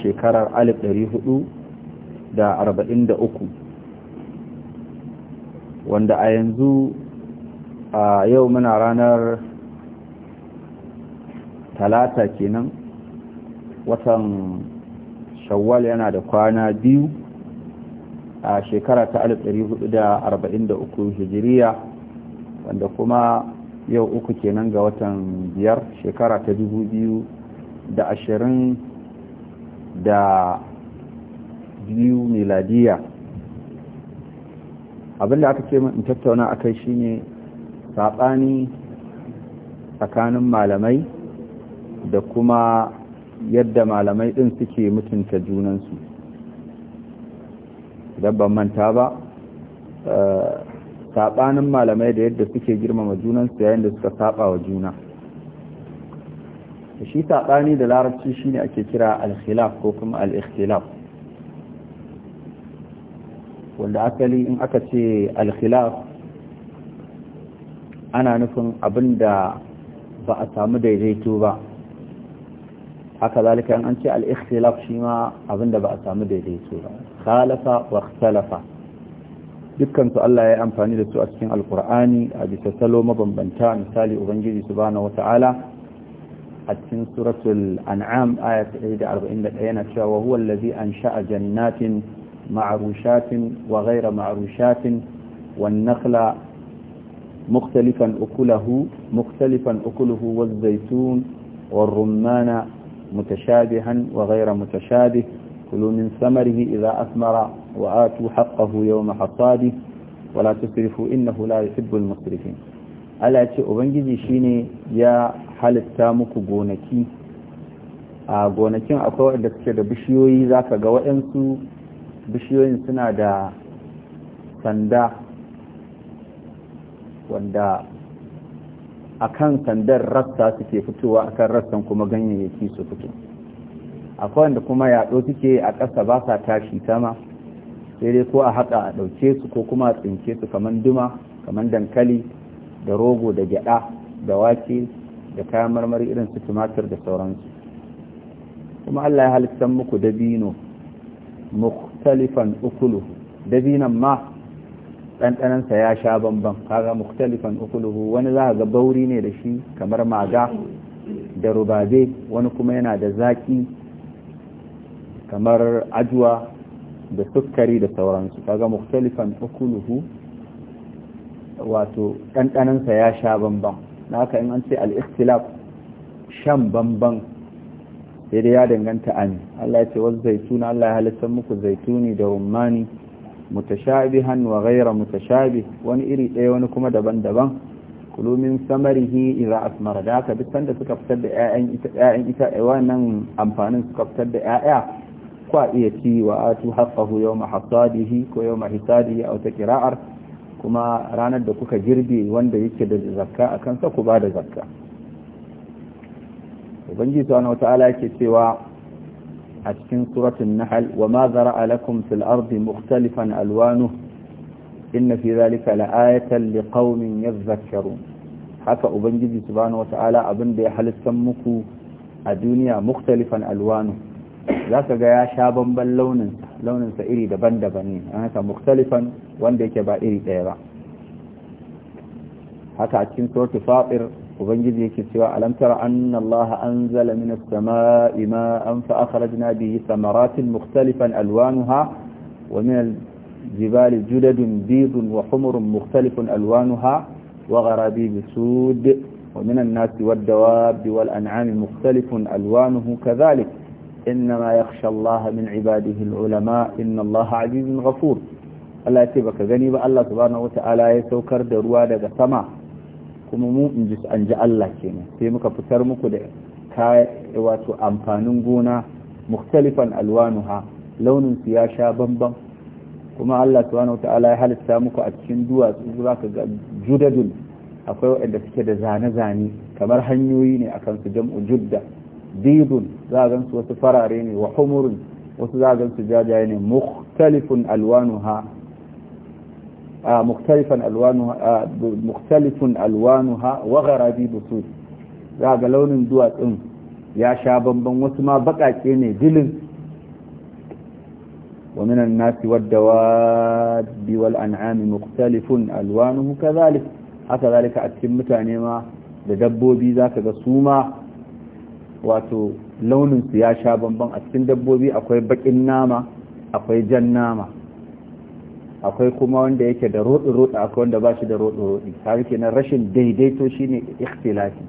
shekarar 1443 wanda a yanzu a yau muna ranar talata kenan watan shawwal yana da kwana biyu a shekara ta da 1443 hijiriya wanda kuma yau uku kenan ga watan biyar shekara ta dubu biyu da ashirin. da biyu miladiya abinda aka ce in tattauna a kai shine saɓani tsakanin malamai da kuma yadda malamai ɗin suke mutunta junansu idan ban manta ba eh, saɓanin malamai da yadda suke girmama junansu yayin da suka saɓa wa juna shi saɓani da larabci shine ake kira al-khilaf ko kuma al-ikhtilaf wanda asali in aka ce al-khilaf ana nufin abin da ba a samu daidaito ba haka zalika an ce al-ikhtilaf shi ma abin da ba a samu daidaito ba khalafa wa ikhtalafa dukkan su Allah ya yi amfani da su a cikin alkur'ani a bisa salo mabambanta misali ubangiji subhanahu wata'ala في سورة الأنعام آية 41 وهو الذي أنشأ جنات معروشات وغير معروشات والنخل مختلفا أكله مختلفا أكله والزيتون والرمان متشابها وغير متشابه كلوا من ثمره إذا أثمر وآتوا حقه يوم حصاده ولا تسرفوا إنه لا يحب المسرفين Allah ce ubangiji shine ya halitta muku gonaki a gonakin akwai wanda suke da bishiyoyi zaka ga waɗansu bishiyoyin suna da sanda wanda kan sandar rassa suke fitowa kan rassan kuma ganyayyaki su fito akwai wanda kuma yaɗo suke a ƙasa ba sa tashi sama sai dai ko a haka a ɗauke su ko kuma a tsinke su kamar duma kaman dankali da rogo da gyada da wake da kayan marmari irin su tumatir da sauransu kuma Allah ya halitta muku dabino mukhtalifan ukuluhu dabinan ma ɗanɗanansa ya sha bambam kaga mukhtalifan ukuluhu wani za ga bauri ne da shi kamar maga da rubabe wani kuma yana da zaki kamar ajuwa da sukari da sauransu kaga mukhtalifan ukuluhu wato ɗanɗaninsa ya sha bamban na haka in an ce al'istilaf shan bamban sai dai ya danganta ani Allah ya ce wasu zaituna Allah ya halittar muku zaituni da rumani mutashabi wa gaira mutashabih wani iri ɗaya wani kuma daban-daban kulumin samarihi idza asmara da haka duk sanda suka fitar da 'ya'yan ita a eh, wannan amfanin suka fitar da 'ya'ya kwa iya ci wa atu haqqahu yawma hasadihi ko yawma hisadihi a wata qira'ar kuma ranar da kuka girbe wanda yake da zakka a kansa ku ba da zakka ubangiji subhanahu wata'ala yake cewa a cikin suratun nahl wa ma zara'a lakum fil ardi mukhtalifan alwanuhu inna fi zalika la'ayatan liqaumin yadhakkarun haka ubangiji subhanahu wata'ala abin da ya halittan muku a duniya mukhtalifan alwanu zaka ga ya sha bamban launinsa launinsa iri daban-daban ne an haka muktalifan wanda yake ba iri ɗaya ba haka a cikin sortu fatir ubangiji yake cewa alam tara anna allaha anzala min as-samaa'i ma'an fa akhrajna bihi thamaratin mukhtalifan alwanuha wa min al-jibali judadun bidun wa humurun mukhtalifun alwanuha wa gharabi sud ومن الناس والدواب والأنعام مختلف ألوانه كذلك إنما يخشى الله من عباده العلماء إن الله عزيز غفور الله يتبك غنيب baka gani ba Allah subhanahu wata'ala ya saukar da ruwa daga sama kuma mu in ji an ji Allah ne sai muka fitar muku da wato amfanin gona mukhtalifan alwanuha launin su ya sha bambam kuma Allah subhanahu wata'ala ya halitta muku a cikin duwatsu zaka ga judadun akwai waɗanda suke da zane-zane kamar hanyoyi ne akan su jam'u judda ديد زاغن سو تفرارين وحمر وتزاغن سجاجين مختلف الوانها آه، مختلف الوانها آه، مختلف الوانها وغرابيب سود زاغ لون دوا دين يا شابن بن وسما بقاقي ني دلن ومن الناس والدواب والانعام مختلف الوانه كذلك هكذا ذلك اتم تعني ما ذاك dabbobi wato launinsu ya sha bamban a cikin dabbobi akwai bakin nama akwai jan nama akwai kuma wanda yake da roɗi-roɗi akwai wanda ba shi da roɗi-roɗi ke kenan rashin daidaito shine ikhtilafi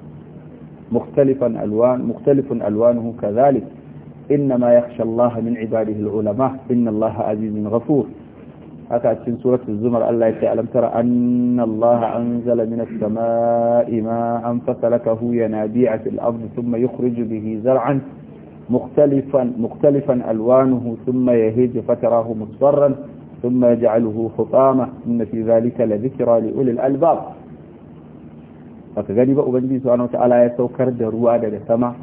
mukhtalifan alwanu ka alwanuhu kadhalik inma yakhsha Allah min ibadihi alulama inna Allah azizun ghafur haka a cikin suratul zumar Allah ya ce alam tara anna Allah anzala minas samaa'i ma'an fasalakahu yanabi'a fil ardi thumma yukhriju bihi zar'an مختلفا مختلفا الوانه ثم يهيج فتراه مصفرا ثم يجعله حطاما ان في ذلك لذكرى لاولي الالباب فكذلك ubangiji subhanahu wataala ya saukar da ruwa daga sama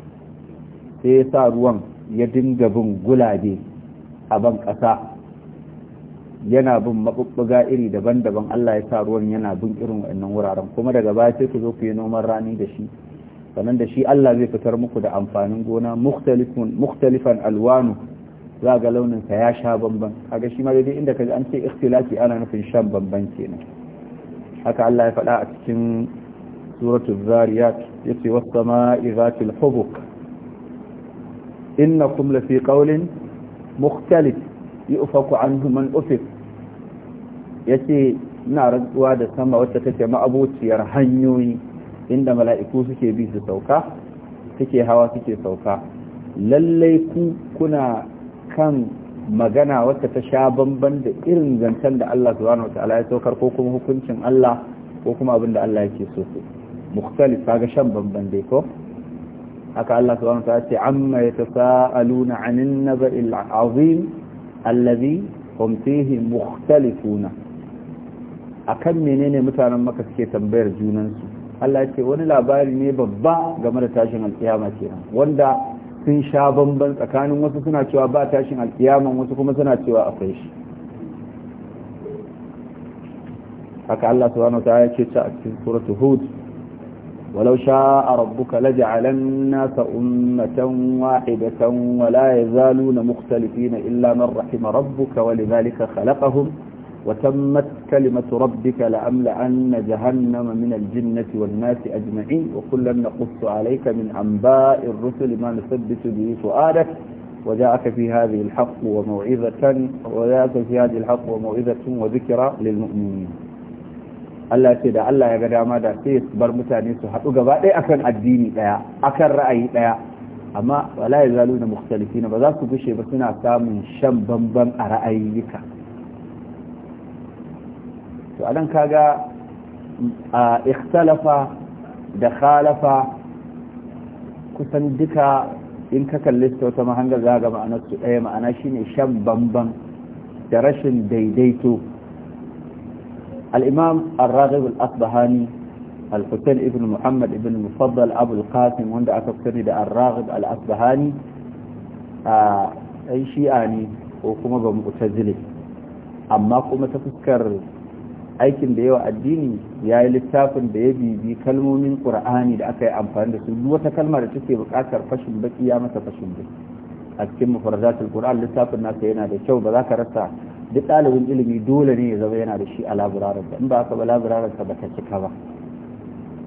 sai ya sa ruwan ya dinga bin gulabe a ban kasa yana bin mabubbuga iri daban-daban Allah ya sa ruwan yana bin irin wannan wuraren kuma daga baya sai ku zo ku yi noman rani da shi sannan da shi Allah zai fitar muku da amfanin gona mukhtalifan alwanu za ga launin sa ya sha bamban kaga shi ma dai inda kaji an ce ikhtilafi ana nufin shan bamban kenan haka Allah ya faɗa a cikin suratul zariyat yace was sama'i zatil hubuk innakum lafi qawlin mukhtalif yi anhu man ufik ya ina rantsuwa da sama wacce take ma'abociyar hanyoyi inda mala'iku suke bi su sauka suke hawa suke sauka lallai ku kuna kan magana wacce ta sha bamban da irin zancen da Allah subhanahu wa ya saukar ko kuma hukuncin Allah ko kuma abin da Allah yake so su mukhtalif kaga shan bamban dai ko haka Allah subhanahu wa ta'ala ce amma yatasaaluna 'anil naba'il 'azim allazi hum fihi mukhtalifuna akan menene mutanen maka suke tambayar junan su Allah ce wani labari ne babba game da tashin alkiyama kenan wanda sun sha bamban tsakanin wasu suna cewa ba tashin alkiyama wasu kuma suna cewa akwai shi haka Allah subhanahu wa ta'ala ya ce ta a cikin suratul hud ولو شاء ربك لجعل الناس أمة واحدة ولا يزالون مختلفين إلا من رحم ربك ولذلك خلقهم وتمت كلمة ربك لأملأن جهنم من الجنة والناس أجمعين وكلا نقص عليك من أنباء الرسل ما نثبت به فؤادك وجاءك في هذه الحق وموعظة وجاءك في هذه الحق وموعظة وذكرى للمؤمنين Allah ce da Allah ya ga dama da sai su bar mutane su haɗu gaba ɗaya akan addini ɗaya akan ra'ayi ɗaya amma wala ya zalu na mukhtalifina ba za su gushe ba suna samun shan bamban a ra'ayyuka to anan kaga a ikhtalafa da khalafa kusan duka in ka kalli su wata mahanga za ga ma'anar su ɗaya ma'ana shine shan bamban da rashin daidaito al'imam al-raghib al-asbahani al-hussein ibn muhammad ibn mufaddal abu qasim wanda aka ni da al-raghib al-asbahani a ɗan shi'a ne ko kuma ba mu'tazili amma kuma ta fuskar aikin da yawa addini ya yi littafin da ya bibi kalmomin ƙur'ani da aka yi amfani da su duk wata kalmar da take buƙatar fashin baki ya masa fashin baki a cikin mufarzatul qur'an littafin nasa yana da kyau ba za ka rasa duk ɗalibin ilimi dole ne ya zama yana da shi a labirarar da in ba haka ba labirarar ba ta cika ba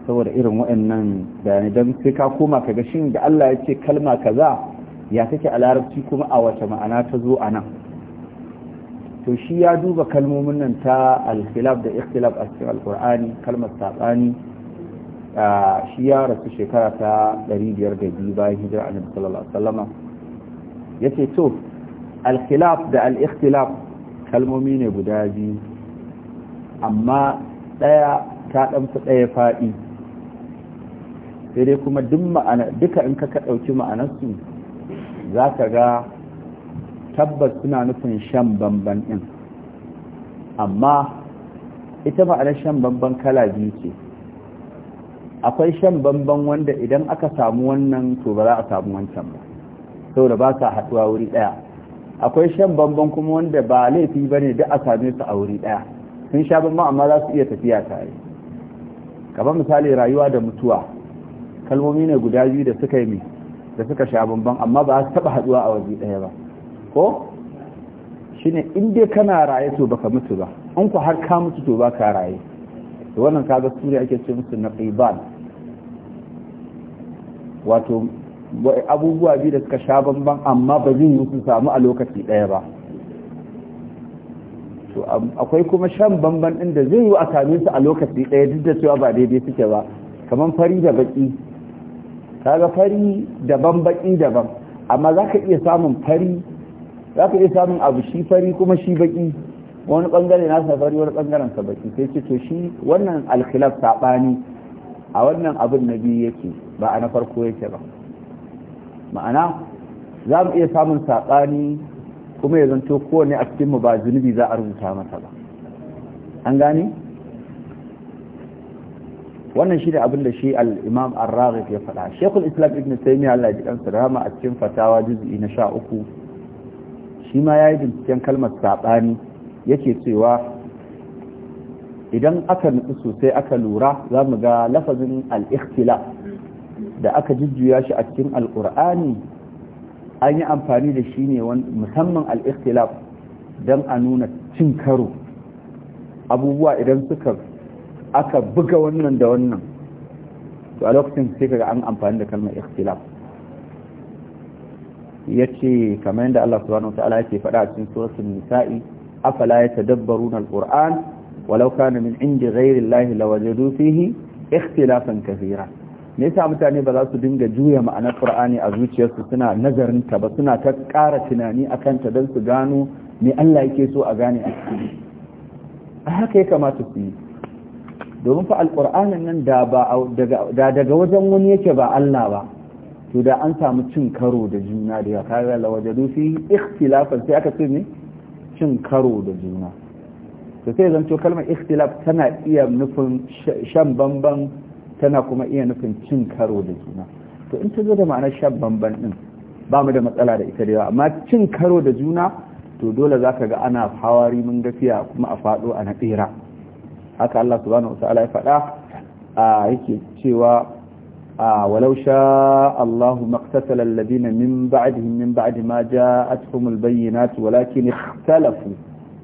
saboda irin waɗannan bayanai don sai ka koma ka ga shin da Allah ya ce kalma kaza ya take a larabci kuma a wace ma'ana ta zo a nan to shi ya duba kalmomin nan ta alkhilaf da ikhtilaf a cikin alqur'ani kalmar sabani shi ya rasu shekara ta 502 bayan hijira annabi sallallahu alaihi wasallama yace to alkhilaf da al-ikhtilaf kalmomi ne guda biyu amma ɗaya ta ɗanfi ɗaya faɗi sai dai kuma duka in ka ɗauki ma'anarsu za ka ga tabbas suna nufin shan bamban ɗin amma ita ma'anar shan bamban kala biyu ce akwai shan bamban wanda idan aka samu wannan to ba za a samu wancan ba saboda ba sa haɗuwa wuri ɗaya akwai shan bambam kuma wanda ba laifi ba ne da a same su a wuri ɗaya sun sha bambam amma za su iya tafiya tare kamar misali rayuwa da mutuwa kalmomi ne guda biyu da suka yi da suka sha bambam amma ba su taɓa haɗuwa a waje ɗaya ba ko shine in dai kana raye to baka mutu ba in ku har ka mutu to baka raye da wannan kaga sura ake ce musu naqiban wato abubuwa biyu da suka sha bamban amma ba zai yi su samu a lokaci ɗaya ba akwai kuma shan bamban ɗin da zai yi a same su a lokaci ɗaya duk da cewa ba daidai suke ba kamar fari da baki kaga fari daban baƙi daban amma za ka iya samun fari za ka iya samun abu shi fari kuma shi baki wani bangare nasa fari wani bangaren sa baki sai ce to shi wannan alkhilaf saɓani a wannan abin na biyu yake ba a na farko yake ba ma'ana za mu iya samun saɓani kuma ya zanto kowane a cikinmu ba zunubi za a rubuta masa ba an gane wannan shi ne abin da shi al'imam al ya faɗa shekul islam ibn taimi allah ya ji ɗansa rama a cikin fatawa juzi na sha uku shi ma ya yi binciken kalmar saɓani yake cewa idan aka nutsu sosai aka lura za mu ga lafazin al-ikhtilaf da aka jujjuya shi a cikin alkur'ani an yi amfani da shi ne musamman al'ikhtilaf don a nuna cin karo abubuwa idan suka aka buga wannan da wannan to a lokacin sai kaga an amfani da kalmar ikhtilaf yace kamar yadda Allah subhanahu Ya ce faɗa a cikin suratul nisa'i afala yatadabbaruna alquran walau kana min indi ghayri allahi lawajadu fihi ikhtilafan kathira me yasa mutane ba za su dinga juya ma'anar qur'ani a zuciyarsu suna nazarin ta ba suna ta ƙara tunani akan ta don su gano me Allah yake so a gane a a haka ya kamata su yi domin fa alqur'anin nan da daga wajen wani yake ba Allah ba to da an samu cin karo da juna da ya kare la wajadu fi ikhtilafa sai aka ce ne cin karo da juna to sai to kalmar ikhtilaf tana iya nufin shan bamban tana kuma iya nufin cin karo da juna to in ta zo da ma'anar shan bamban din ba mu da matsala da ita da yawa amma cin karo da juna to dole za ka ga ana hawari mun gafiya kuma a faɗo a na tsira haka Allah subhanahu wata'ala ya faɗa a yake cewa a walau sha Allahu maqtatala alladhina min ba'dihim min ba'd ma ja'atuhum albayyinatu walakin ikhtalafu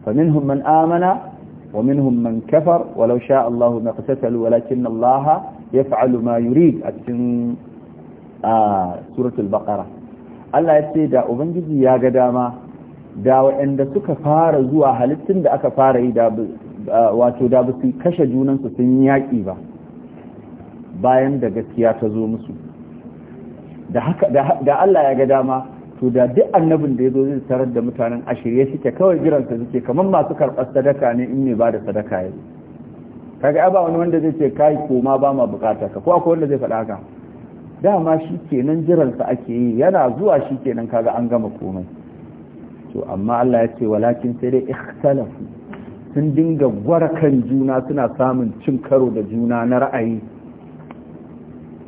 faminhum man amana ومنهم من كفر ولو شاء الله ما اقتتلوا ولكن الله fa’alu ma yuri a cikin a suratul Allah ya ce da ubangiji ya ga dama da waɗanda suka fara zuwa halittun da aka fara yi da wato da ba su kashe junansu sun yaƙi ba bayan da gaskiya ta zo musu da Allah ya ga dama to da duk annabin da ya zo zai tarar da mutanen ashirye suke kawai jiransa suke kamar masu karɓar sadaka ne in ne ba da sadaka ya kaga ba wani wanda zai ce kai koma ba ma bukata ka ko akwai wanda zai faɗa haka dama shi kenan sa ake yi yana zuwa shi kenan kaga an gama komai to amma Allah ya ce walakin sai dai ikhtalafu sun dinga gwara kan juna suna samun cin karo da juna na ra'ayi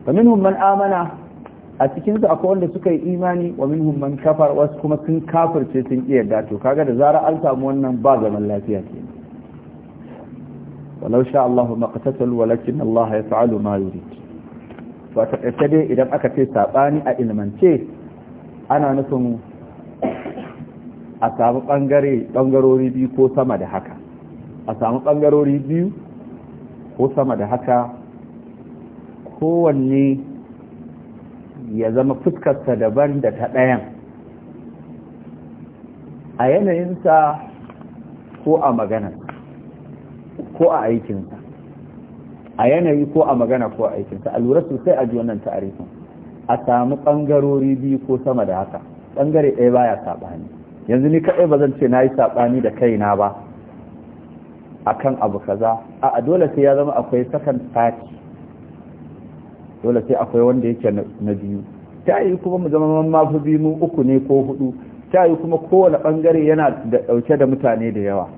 fa minhum man amana a cikin su akwai wanda suka yi imani wa minhum man kafar wasu kuma sun kafirce sun iya to kaga da zarar an samu wannan ba zaman lafiya kenan walau sha Allahu maqtatal walakin Allah yaf'alu ma yurid to ta kace dai idan aka ce sabani a ilmance ana nufin a samu bangare bangarori biyu ko sama da haka a samu bangarori biyu ko sama da haka kowanne ya zama fuskarsa daban da ta ɗayan a yanayinsa ko a maganar ko a aikinsa a yanayi ko a magana ko a aikinsa a lura sosai a ji wannan tarihin a samu ɓangarori biyu ko sama da haka ɓangare ɗaya baya saɓani yanzu ni kaɗai ba zan ce na yi saɓani da kaina ba a kan abu kaza a dole sai ya zama akwai sakan sati dole sai akwai wanda yake na biyu ta yi kuma mu zama mafi biyu uku ne ko hudu ta yi kuma kowane ɓangare yana da ɗauke da mutane da yawa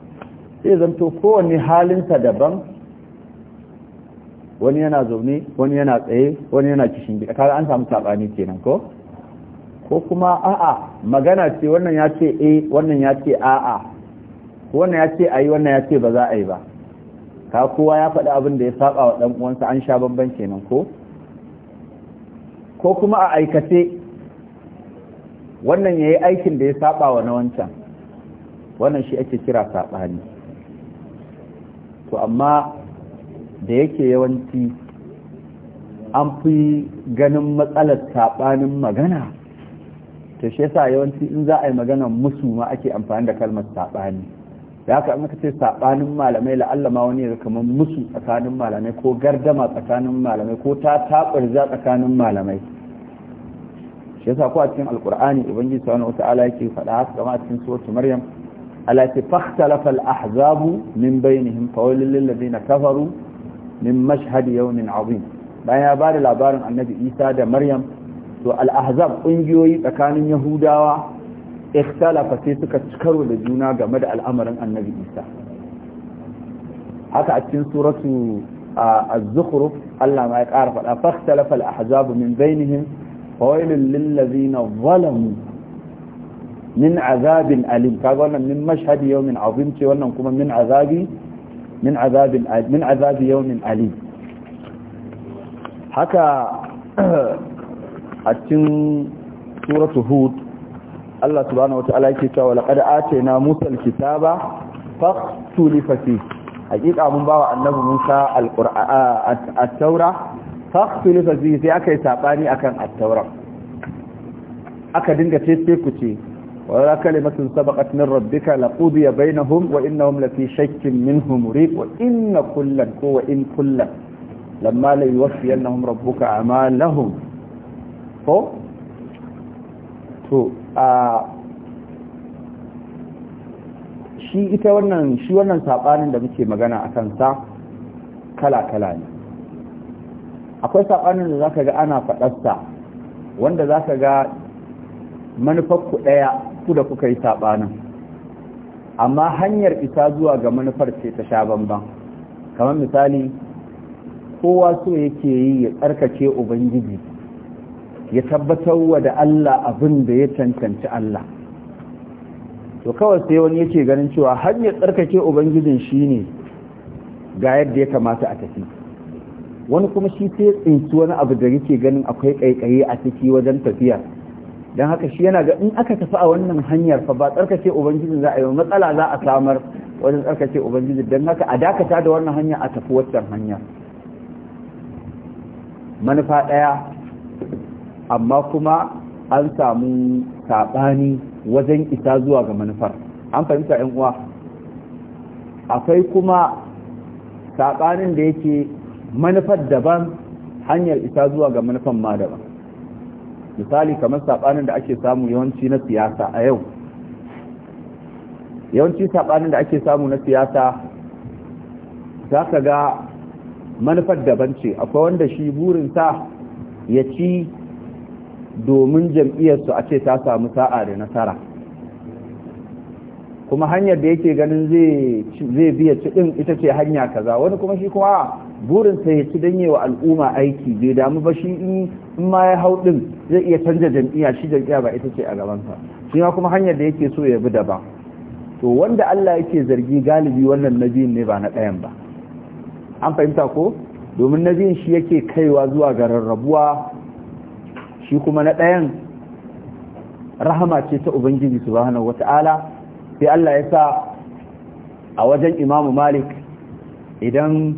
sai to kowanne halinsa daban wani yana zaune wani yana tsaye wani yana kishin gida kare an samu tabani kenan ko ko kuma a'a magana ce wannan ya ce a eh, wannan ya ce a'a wannan ya ce yi wannan ya ce ba za a yi ba ka kowa ya faɗi abin da ya saba wa dan uwansa an sha bamban kenan ko ko kuma a aikace wannan yayi aikin da ya saba wa na wancan wannan shi ake kira sabani to amma da yake yawanci an fi ganin matsalar saɓanin magana to shi sa yawanci in za a yi magana musu ma ake amfani da kalmar saɓani da haka an kace ce saɓanin malamai la'allama wani ya kamar musu tsakanin malamai ko gardama tsakanin malamai ko ta za tsakanin malamai shi yasa ko a cikin Alƙur'ani, ubangiji Wani wata'ala yake faɗa haka kama a cikin suratul maryam التي فاختلف الأحزاب من بينهم فويل للذين كفروا من مشهد يوم عظيم بأن يبار العبار عن النبي إيسى دا مريم الأحزاب أنجوي فكان يهودا اختلف سيسك تشكروا لجونا قمد الأمر عن النبي إيسى حتى أتين سورة الزخرف الله ما يتعرف فاختلف الأحزاب من بينهم فويل للذين ظلموا min azabin alim kaga wannan min mashhadi yawmin azim ce wannan kuma min azabi min azabin min azabi yawmin alim haka a cikin suratu hud Allah subhanahu wataala yake cewa laqad atayna musa alkitaba faqtulifa fi hakika mun bawa annabi musa alqur'a at-taura faqtulifa fi sai aka yi sabani akan at-taura aka dinga ce ku ce ولا كلمة سبقت من ربك لقضي بينهم وإنهم لفي شك منه مريب وإن كلا هو إن كلا لما أنهم ربك أعمالهم فو فو shi ita wannan shi wannan sabanin da muke magana a kan sa kala-kala ne akwai sabanin da zaka ga ana faɗarsa wanda zaka ga manufar ku daya ku da kuka yi saɓanin amma hanyar isa zuwa ga manufar ce ta sha bamban kamar misali kowa so yake yi ya tsarkake ubangiji ya tabbatar wa da Allah abin da ya cancanci Allah to kawai sai wani yake ganin cewa hanyar tsarkake ubangijin shi ne ga yadda ya kamata a tafi wani kuma shi sai tsinci wani abu da yake ganin akwai kaikayi a ciki wajen tafiya don haka shi yana ga in aka tafi a wannan hanyar fa ba tsarkace ubangiji za a yi matsala za a samar wajen tsarkace ubangiji don haka a dakata da wannan hanya a tafi wancan hanya manufa ɗaya amma kuma an samu saɓani wajen isa zuwa ga manufar an fahimta yan uwa akwai kuma saɓanin da yake manufar daban hanyar isa zuwa ga manufan ma daban misali kamar sabanin da ake samu yawanci na siyasa a yau yawanci sabanin da ake samu na siyasa za ka ga manufar daban ce akwai wanda shi burinsa ya ci domin jam'iyyarsu a ce ta samu sa'a da nasara kuma hanyar da yake ganin zai biya ci din ita ce hanya kaza wani kuma shi kuma burin sai ya ci danye wa al'umma aiki bai damu ba shi in ma ya hau din zai iya canza jam'iyya shi jam'iyya ba ita ce a gabanta, shi ma kuma hanyar da yake so ya bi daban to wanda Allah yake zargi galibi wannan nabiyin ne ba na ɗayan ba an fahimta ko domin nabiyin shi yake kaiwa zuwa ga rarrabuwa shi kuma na ɗayan rahama ce ta ubangiji subhanahu wata'ala sai Allah ya sa a wajen imamu malik idan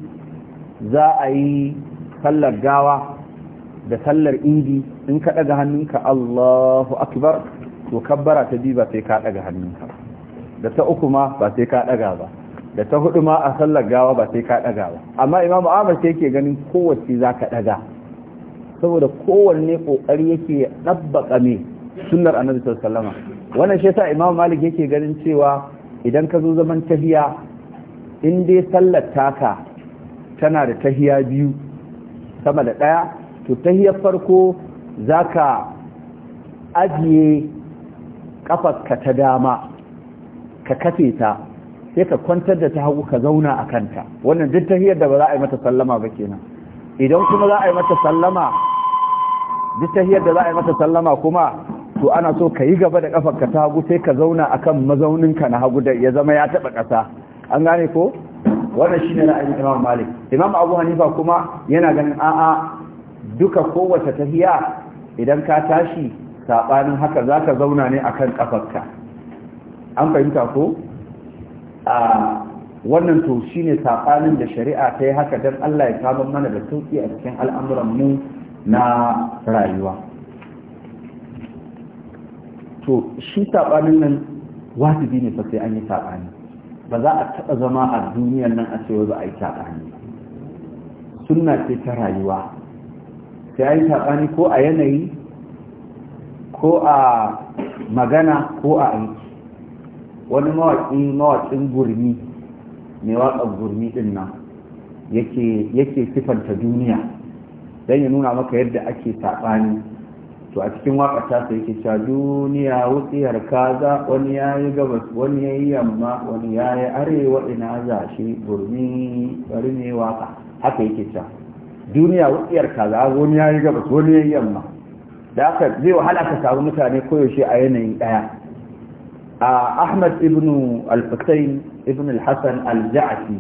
za a yi sallar gawa da sallar indi in ka ɗaga hannunka Allahu akbar to kabbara ta biyu ba sai ka ɗaga hannunka da ta uku ma ba sai ka ɗaga ba da ta hudu ma a sallar gawa ba sai ka ɗaga ba amma imamu ahmad sai yake ganin kowace za ka ɗaga saboda kowanne ƙoƙari yake ɗabbaƙa me sunnar annabi sallallahu alaihi wannan shi yasa imam malik yake ganin cewa idan ka zo zaman tahiya in dai sallar taka tana da tahiya biyu sama da ɗaya to tahiyar farko zaka ajiye ajiye ka ta dama ka kafe ta sai ka kwantar da ta hagu ka zauna a kanta wannan duk tahiyar da ba za a yi mata sallama ba kenan idan kuma za a yi mata sallama duk tahiyar da za a yi mata sallama kuma to ana so ka yi gaba da kafarka ta hagu sai ka zauna akan mazauninka na hagu da ya zama ya taba kasa an gane ko wannan shine ra'ayin Imam Malik Imam Abu Hanifa kuma yana ganin a'a duka kowace tafiya idan ka tashi sabanin haka zaka zauna ne akan kafarka an fahimta ko a wannan to shine saɓanin da shari'a ta yi haka dan Allah ya samu mana da sauki a cikin al'amuran mu na rayuwa to shi saɓanin nan wajibi ne fa sai an yi saɓani ba za a taɓa zama a duniyar nan a cewa za a yi saɓani sunna ce ta rayuwa sai an yi saɓani ko a yanayi ko a magana ko a aiki wani mawaƙi mawaƙin gurmi mai waƙar gurmi ɗin nan yake sifanta duniya don ya nuna maka yadda ake saɓani to a cikin waka ta sai yake cewa duniya wutsiyar kaza wani yayi gabas wani yayi yamma wani yayi arewa ina za shi burmi bari ne waka haka yake cewa duniya wutsiyar kaza wani yayi gabas wani yayi yamma da aka zai wahala ka samu mutane koyaushe a yanayin daya a ahmad ibn al-husayn ibn al-hasan al-ja'fi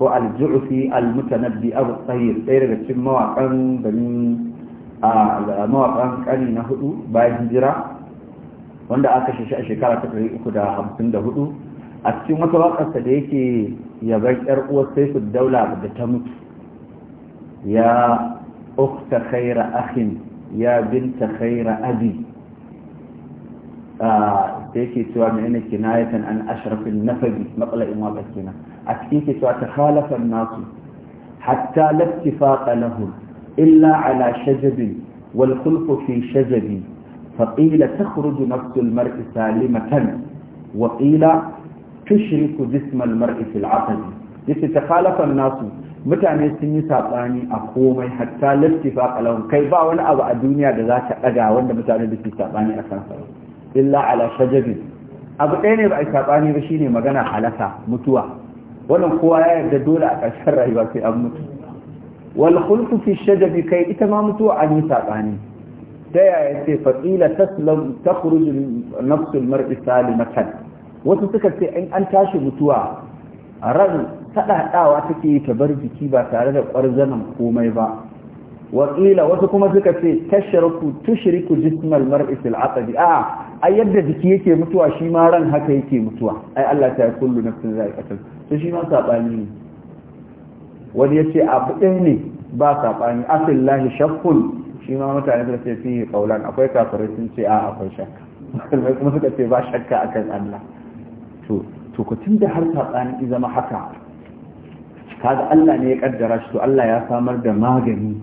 ko al-ju'fi al-mutanabbi abu tsayir ɗaya daga cikin mawaƙan bani a mawaƙan ƙari na hudu bayan hijira wanda aka shi a shekara ta ɗari uku da hamsin da hudu a cikin wata waƙarsa da yake yaban ƴar uwar su daula da ta mutu ya ukta khaira akhin ya binta khaira abi da yake cewa mai yana kinayatan an ashrafin nafabi in waƙar kenan a cikin ke cewa ta halafan nasu hatta laftifaqa lahum إلا على شجب والخلق في شجب فقيل تخرج نفس المرء سالمة وقيل تشرك جسم المرء في العقد يتخالف الناس mutane sun yi saɓani a komai hatta lattifa kai ba wani abu a duniya da za ta ɗaga wanda mutane da ke saɓani a kansa illa ala shajabi abu ɗaya ne ba a saɓani ba shine magana halaka mutuwa wannan kowa ya yarda dole a ƙarshen rayuwa sai an mutu wal khulfu fi shajabi kai ita ma mutuwa a yi sabani ta yaya ce faqila taslam takhruj nafsul mar'i salimatan wasu suka ce in an tashi mutuwa ran sadadawa take ta bar jiki ba tare da ƙwarzanan komai ba wakila wasu kuma suka ce tashriku tushriku jismal mar'i fil aqdi a ai yadda jiki yake mutuwa shi ma ran haka yake mutuwa ai Allah ta kullu nafsin za'iqatul to shi ma sabani ne wani ya ce abu ɗaya ne ba saɓani asin lahi shakkun shi ma mutane suka ce fiye ƙaunar. akwai kafirai sun ce a akwai shakka musulmai kuma suka ce ba shakka akan Allah to ku tun da har saɓani zama haka kaga Allah ne ya ƙaddara shi to Allah ya samar da magani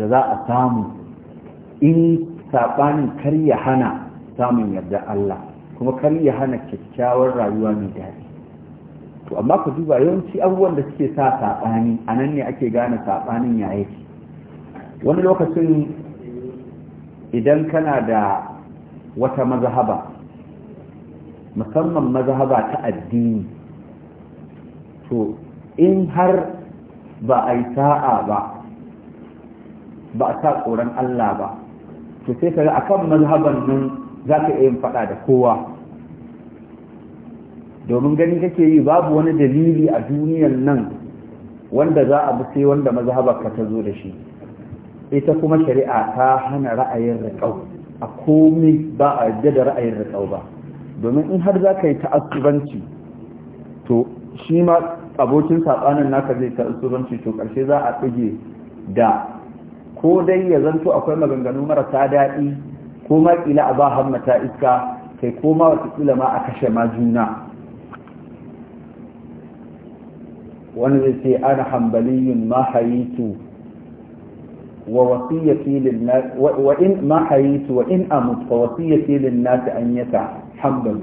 da za a samu in saɓanin kar ya hana samun yarda Allah kuma kar ya hana kyakkyawar rayuwa mai daɗi to amma ka duba yawanci abubuwan da suke sa saɓani a nan ne ake gane saɓanin ya yake wani lokacin idan kana da wata mazahaba musamman mazahaba ta addini to in har ba a yi sa'a ba ba a sa tsoron Allah ba to sai ka ga akan mazhaban nan za ka iya yin faɗa da kowa domin gani kake yi babu wani dalili a duniyan nan wanda za a bi sai wanda mazhabarka ta zo da shi ita kuma shari'a ta hana ra'ayin riƙau a komai ba a yadda da ra'ayin riƙau ba domin in har za ka yi ta'assubanci to shi ma abokin saɓanin naka zai ta'assubanci to ƙarshe za a tsige da ko dai ya zanto akwai maganganu marasa daɗi ko ma ƙila a ba hammata iska kai ko ma watakila ma a kashe ma juna wani zai ce ana hambaliyun ma hayitu wa wasiyati lin wa in ma hayitu wa in amut fa wasiyati lin nas an yata hambal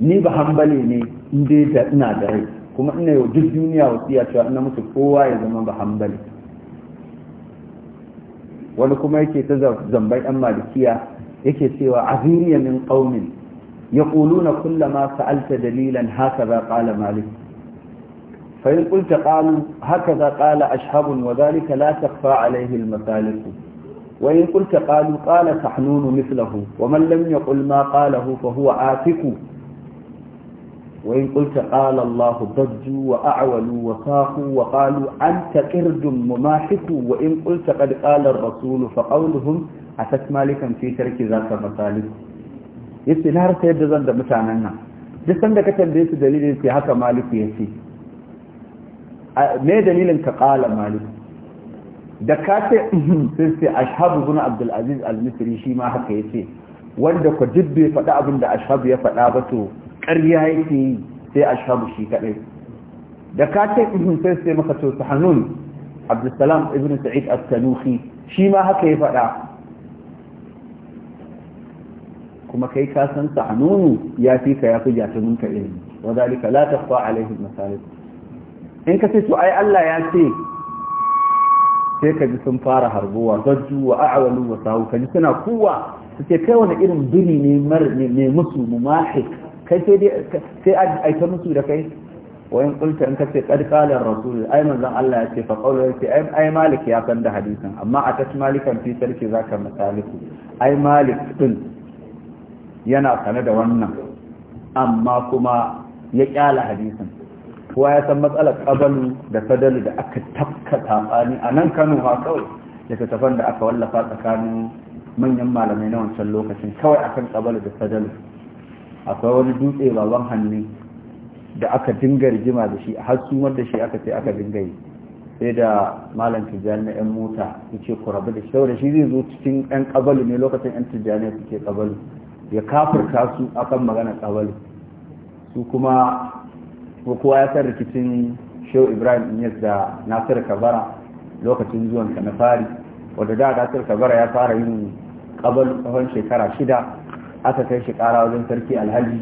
ni ba hambali ne in dai da ina da rai kuma ina yau duk duniya wasiya cewa ina mutu kowa ya zama ba hambali wani kuma yake ta zambai yan malikiya yake cewa aziriya min qaumin yaquluna kullama sa'alta dalilan haka ba qala malik فإن قلت قالوا هكذا قال أشهب وذلك لا تخفى عليه المثالث وإن قلت قالوا قال سحنون مثله ومن لم يقل ما قاله فهو آتك وإن قلت قال الله ضجوا وأعولوا وصاقوا وقالوا أنت قرد مماحك وإن قلت قد قال الرسول فقولهم أتت مالكا في ترك ذاك مثالث يسي لا رسيد ذنب متعنى duk sanda ka tambaye su dalilin sai haka maliku ya ce me dalilin ka qala malik da ka ce sai sai ashhabu bin abdul aziz al-misri shi ma haka ya ce wanda ku dibbe faɗa abin da ashhabu ya faɗa ba to ƙarya yake yi sai ashhabu shi kaɗai da ka ce sai sai maka to sahanun abdul salam ibn sa'id as-sanuhi shi ma haka ya faɗa kuma kai ka san hannun ya fi ka ya fi jatumin ka ilimi wa zalika la taqwa alaihi masalih in ka ce to ai Allah ya ce sai ka ji sun fara harbuwa zaju wa a'walu wa sahu ka ji suna kuwa su ce kai wani irin biri ne mar ne musu mumahi kai sai dai sai a musu da kai wa in kulta in ka ce qad qala ar-rasul ai manzon Allah ya ce fa qawlu sai ai ai malik ya san da hadisin amma a tashi malikan fi sarki zaka misaliku ai malik din yana sane da wannan amma kuma ya kyala hadisin kowa ya san matsalar ƙabalu da fadalu da aka tafka tafani a nan kano ha kawai da littattafan da aka wallafa tsakanin manyan malamai na wancan lokacin kawai akan kabalu da fadalu akwai wani dutse baban hannu da aka dinga rigima da shi har su da shi aka ce aka dinga yi sai da malam tijjani na 'yan mota su ce ku rabu da shi saboda shi zai zo cikin 'yan kabalu ne lokacin 'yan tijjani suke kabalu ya kafirta su akan magana ƙabalu su kuma ko kowa ya san rikicin shehu ibrahim in da nasir kabara lokacin ka na fari wadda da nasir kabara ya fara yin kabal shekara shida aka kai shi kara wajen sarki alhaji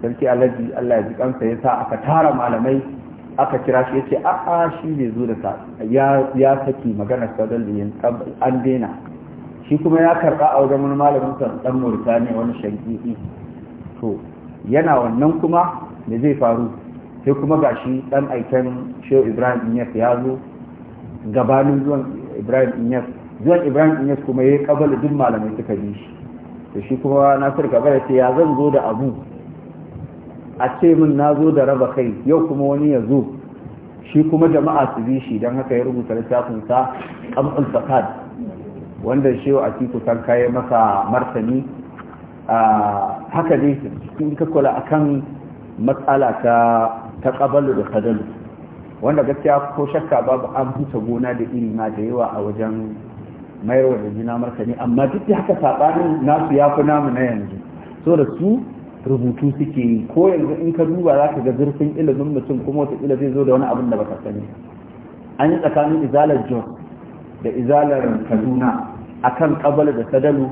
sarki alhaji allah ya ji kansa ya sa aka tara malamai aka kira shi ya ce a'a shi ne zo da sa ya saki magana sadar da yin an daina shi kuma ya karba a wajen wani malamin sa dan mauritaniya wani shankiki to yana wannan kuma me zai faru sai kuma gashi dan aiken shehu ibrahim inyas ya zo gabanin zuwan ibrahim inyas zuwan ibrahim inyas kuma ya yi kabala duk malamai suka bi shi da shi kuma nasir kabala ce ya zan zo da abu a ce min na zo da raba kai yau kuma wani ya zo shi kuma jama'a su bi shi don haka ya rubuta littafin sa kamul fakad wanda shehu a tiku san kayan masa martani ah, haka dai sun a akan matsala ta ta ƙabalu da kadalu wanda gaskiya ko shakka babu an huta gona da iri ma da yawa a wajen mayarwa da jina martani amma duk da haka saɓanin nasu ya fi namu na yanzu so da su rubutu suke yi ko yanzu in ka duba za ka ga zurfin ilimin mutum kuma wata ila zai zo da wani abin da baka sani an yi tsakanin izalar jos da izalar kaduna akan kabala da sadalu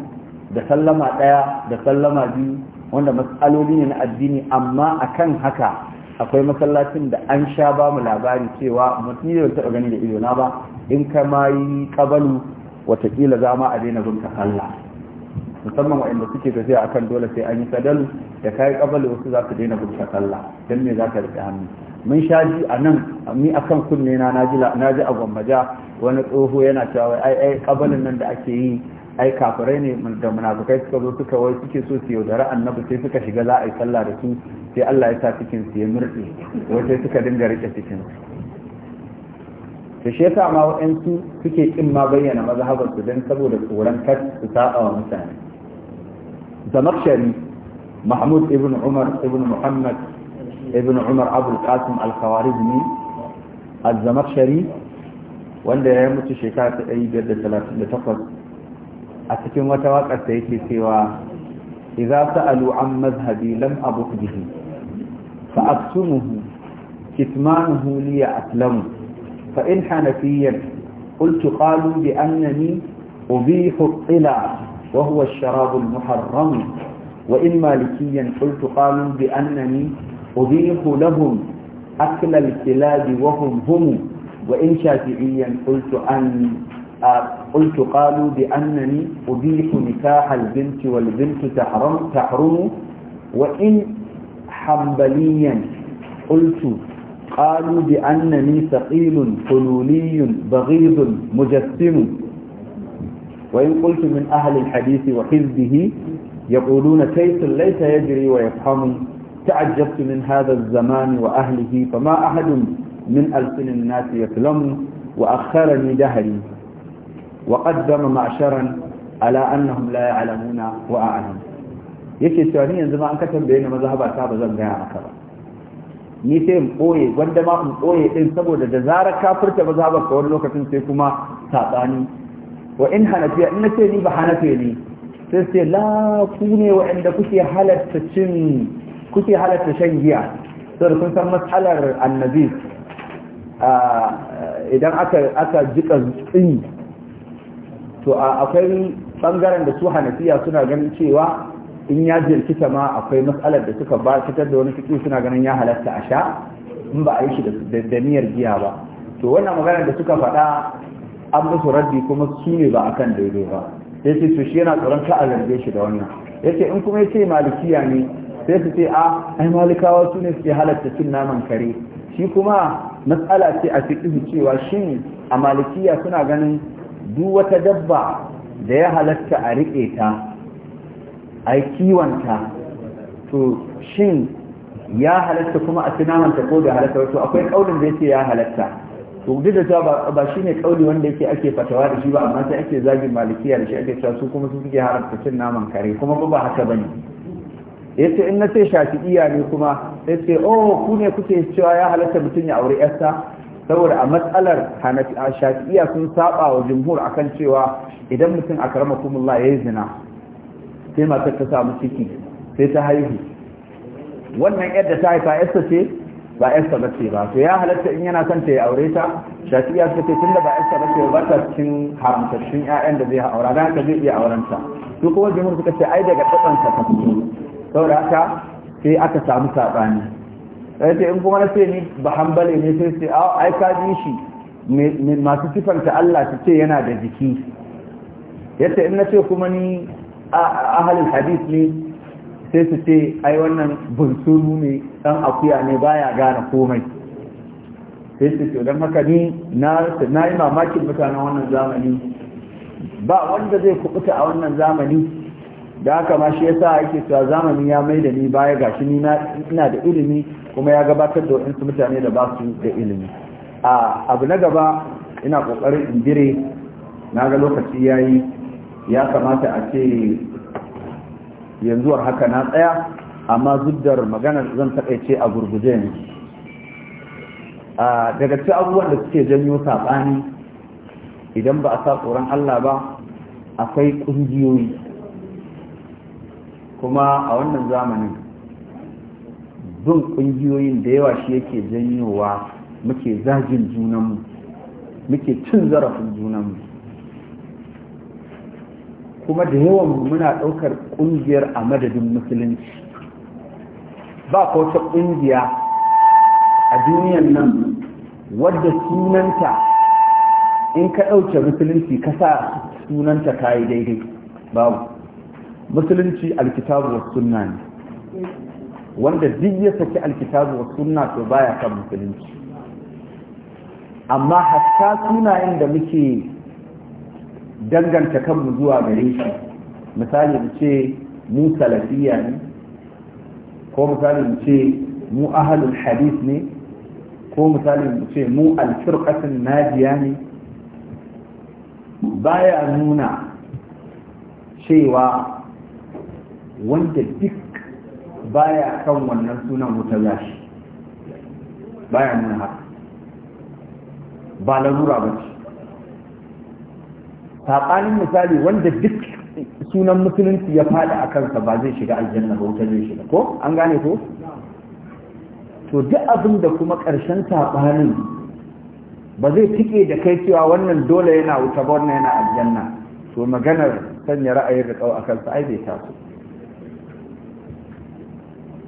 da sallama ɗaya da sallama biyu wanda matsaloli ne na addini amma akan haka akwai masallacin da an sha ba mu labari cewa mutum ne taɓa gani da ido na ba in ka ma yi kabalu watakila za ma a daina ka sallah musamman waɗanda suke tafiya akan dole sai an yi sadalu da kayi kabalu wasu za su daina ka sallah don me za ka riƙe hannu mun sha ji a nan ni a kan kunne na na ji a gwammaja wani tsoho yana cewa ai ai kabalin nan da ake yi ai kafirai ne da munafukai suka zo suka wai suke so su yaudara annabi sai suka shiga za a yi sallah da su sai Allah ya sa cikin su ya murɗe wai sai suka dinga rike cikin su shi yasa ma wa'ansu suke kin ma bayyana mazhabar su dan saboda tsoron kar su saba wa mutane zamakshari mahmud ibn umar ibn muhammad ibn umar abul qasim al-khawarizmi al-zamakshari wanda ya mutu shekara ta 138 a cikin wata waƙar da yake cewa idza sa'alu an mazhabi lam abu bihi fa aktumuhu kitmanuhu li aslam fa in hanafiyya qultu qalu bi annani ubihu ila wa huwa ash muharram wa in malikiyya qultu bi annani ubihu lahum akla al-kilab wa hum hum wa in shafi'iyya qultu an قلت قالوا بأنني أبيح نكاح البنت والبنت تحرم تحرم وإن حنبليا قلت قالوا بأنني ثقيل حلولي بغيض مجسم وإن قلت من أهل الحديث وحزبه يقولون كيف ليس يجري ويفهم تعجبت من هذا الزمان وأهله فما أحد من ألسن الناس يفلم وأخرني دهري وقدم معشرا على أنهم لا يعلمون وأعلم yake cewa ni yanzu ma an ka tambaye ni mazhaba ta ba zan gaya maka ba ni sai in boye wanda ma in ɓoye din saboda da zarar ka furta mazhaba ka wani lokacin sai kuma saɓani. wa in hanafiya in nace ni ba hanafe ne sai sai la ku ne wa'anda kuke halatta cin kuke halatta shan giya saboda kun san matsalar annabi idan aka aka jika tsini to a akwai bangaren da su hanafiya suna ganin cewa in ya jirkita ma akwai matsalar da suka ba fitar da wani fiki suna ganin ya halatta a sha in ba a yi shi da niyyar giya ba to wannan maganar da suka faɗa an musu raddi kuma su ne ba akan daidai ba sai ce to shi yana tsoron ka a zarge shi da wannan yace in kuma yace malikiya ne sai su ce a ah, ai malikawa su ne suke halatta cin naman kare shi kuma matsala ce a fiƙi cewa shin a malikiya suna ganin duk wata dabba da ya halatta a riƙe ta a kiwanta to shin ya halatta kuma a tunamanta ko da halatta wato akwai ƙaunin da yake ya halatta to duk da ba shi ne ƙauni wanda yake ake fatawa da shi ba amma sai ake zagin malikiya da shi ake cewa su kuma su suke haramta cin naman kare kuma ba haka bane yace in na ce shafi'iya ne kuma ce oh ku ne kuke cewa ya halatta mutum ya aure yarsa saboda a matsalar shafi'iya sun saba wa jumhur akan cewa idan mutum a karama kumulla ya yi zina sai matar ta samu ciki sai ta haihu wannan yadda ta haifa yasta ce ba yasta ba ce ba to ya halatta in yana son ta ya aure ta shafi'iya ta ce tunda ba yasta ba ce ba ta cikin haramtattun ƴaƴan da zai aura na haka zai iya auren ta su kuma jumhur suka ce ai daga ka ta saboda haka sai aka samu saɓani sai in kuma na ce ni ba hambale ne sai sai ai ka ji shi masu sifanta Allah su ce yana da jiki yata in na ce kuma ni ahalin hadith ne sai su ce ai wannan bunsuru ne dan akuya ne baya gane komai sai su ce don haka ni na yi mamakin mutanen wannan zamani ba wanda zai kubuta a wannan zamani da haka ma shi yasa ake cewa zamanin ya mai da ni baya gashi ni ina da ilimi kuma ya gabatar da waɗansu mutane da ba su da ilimi a abu na gaba ina kokarin in dire na ga lokaci yayi ya kamata a ce yanzuwar haka na tsaya amma zuddar magana zan takaice a gurguje ne a daga cikin abubuwan da suke janyo saɓani idan ba a sa tsoron Allah ba akwai ƙungiyoyi kuma a wannan zamanin bin ƙungiyoyin da yawa shi yake janyowa muke zagin junanmu muke cin zarafin junanmu kuma da yawan muna ɗaukar ƙungiyar a madadin musulunci ba ko ta ƙungiya a duniyar nan wadda sunanta in ka ɗauke musulunci ka sa sunanta ka yi daidai babu musulunci alkitabu wa sunna ne wanda duk ya saki alkitabu wa sunna to baya kan musulunci amma hatta sunayen da muke danganta kanmu zuwa gare shi misali mu ce mu salafiya ne ko misali mu ce mu ahalul hadith ne ko misali mu ce mu alfirqatin najiya ne baya nuna cewa wanda duk baya kan wannan sunan wuta ya shi baya nuna haka ba larura ba ce saɓanin misali wanda duk sunan musulunci ya faɗi a kansa ba zai shiga aljanna ba wuta zai shiga ko an gane ko to duk abin da kuma ƙarshen saɓanin ba zai tike da kai cewa wannan dole yana wuta ba wannan yana aljanna to maganar sanya ra'ayin kawo a kansa ai bai taso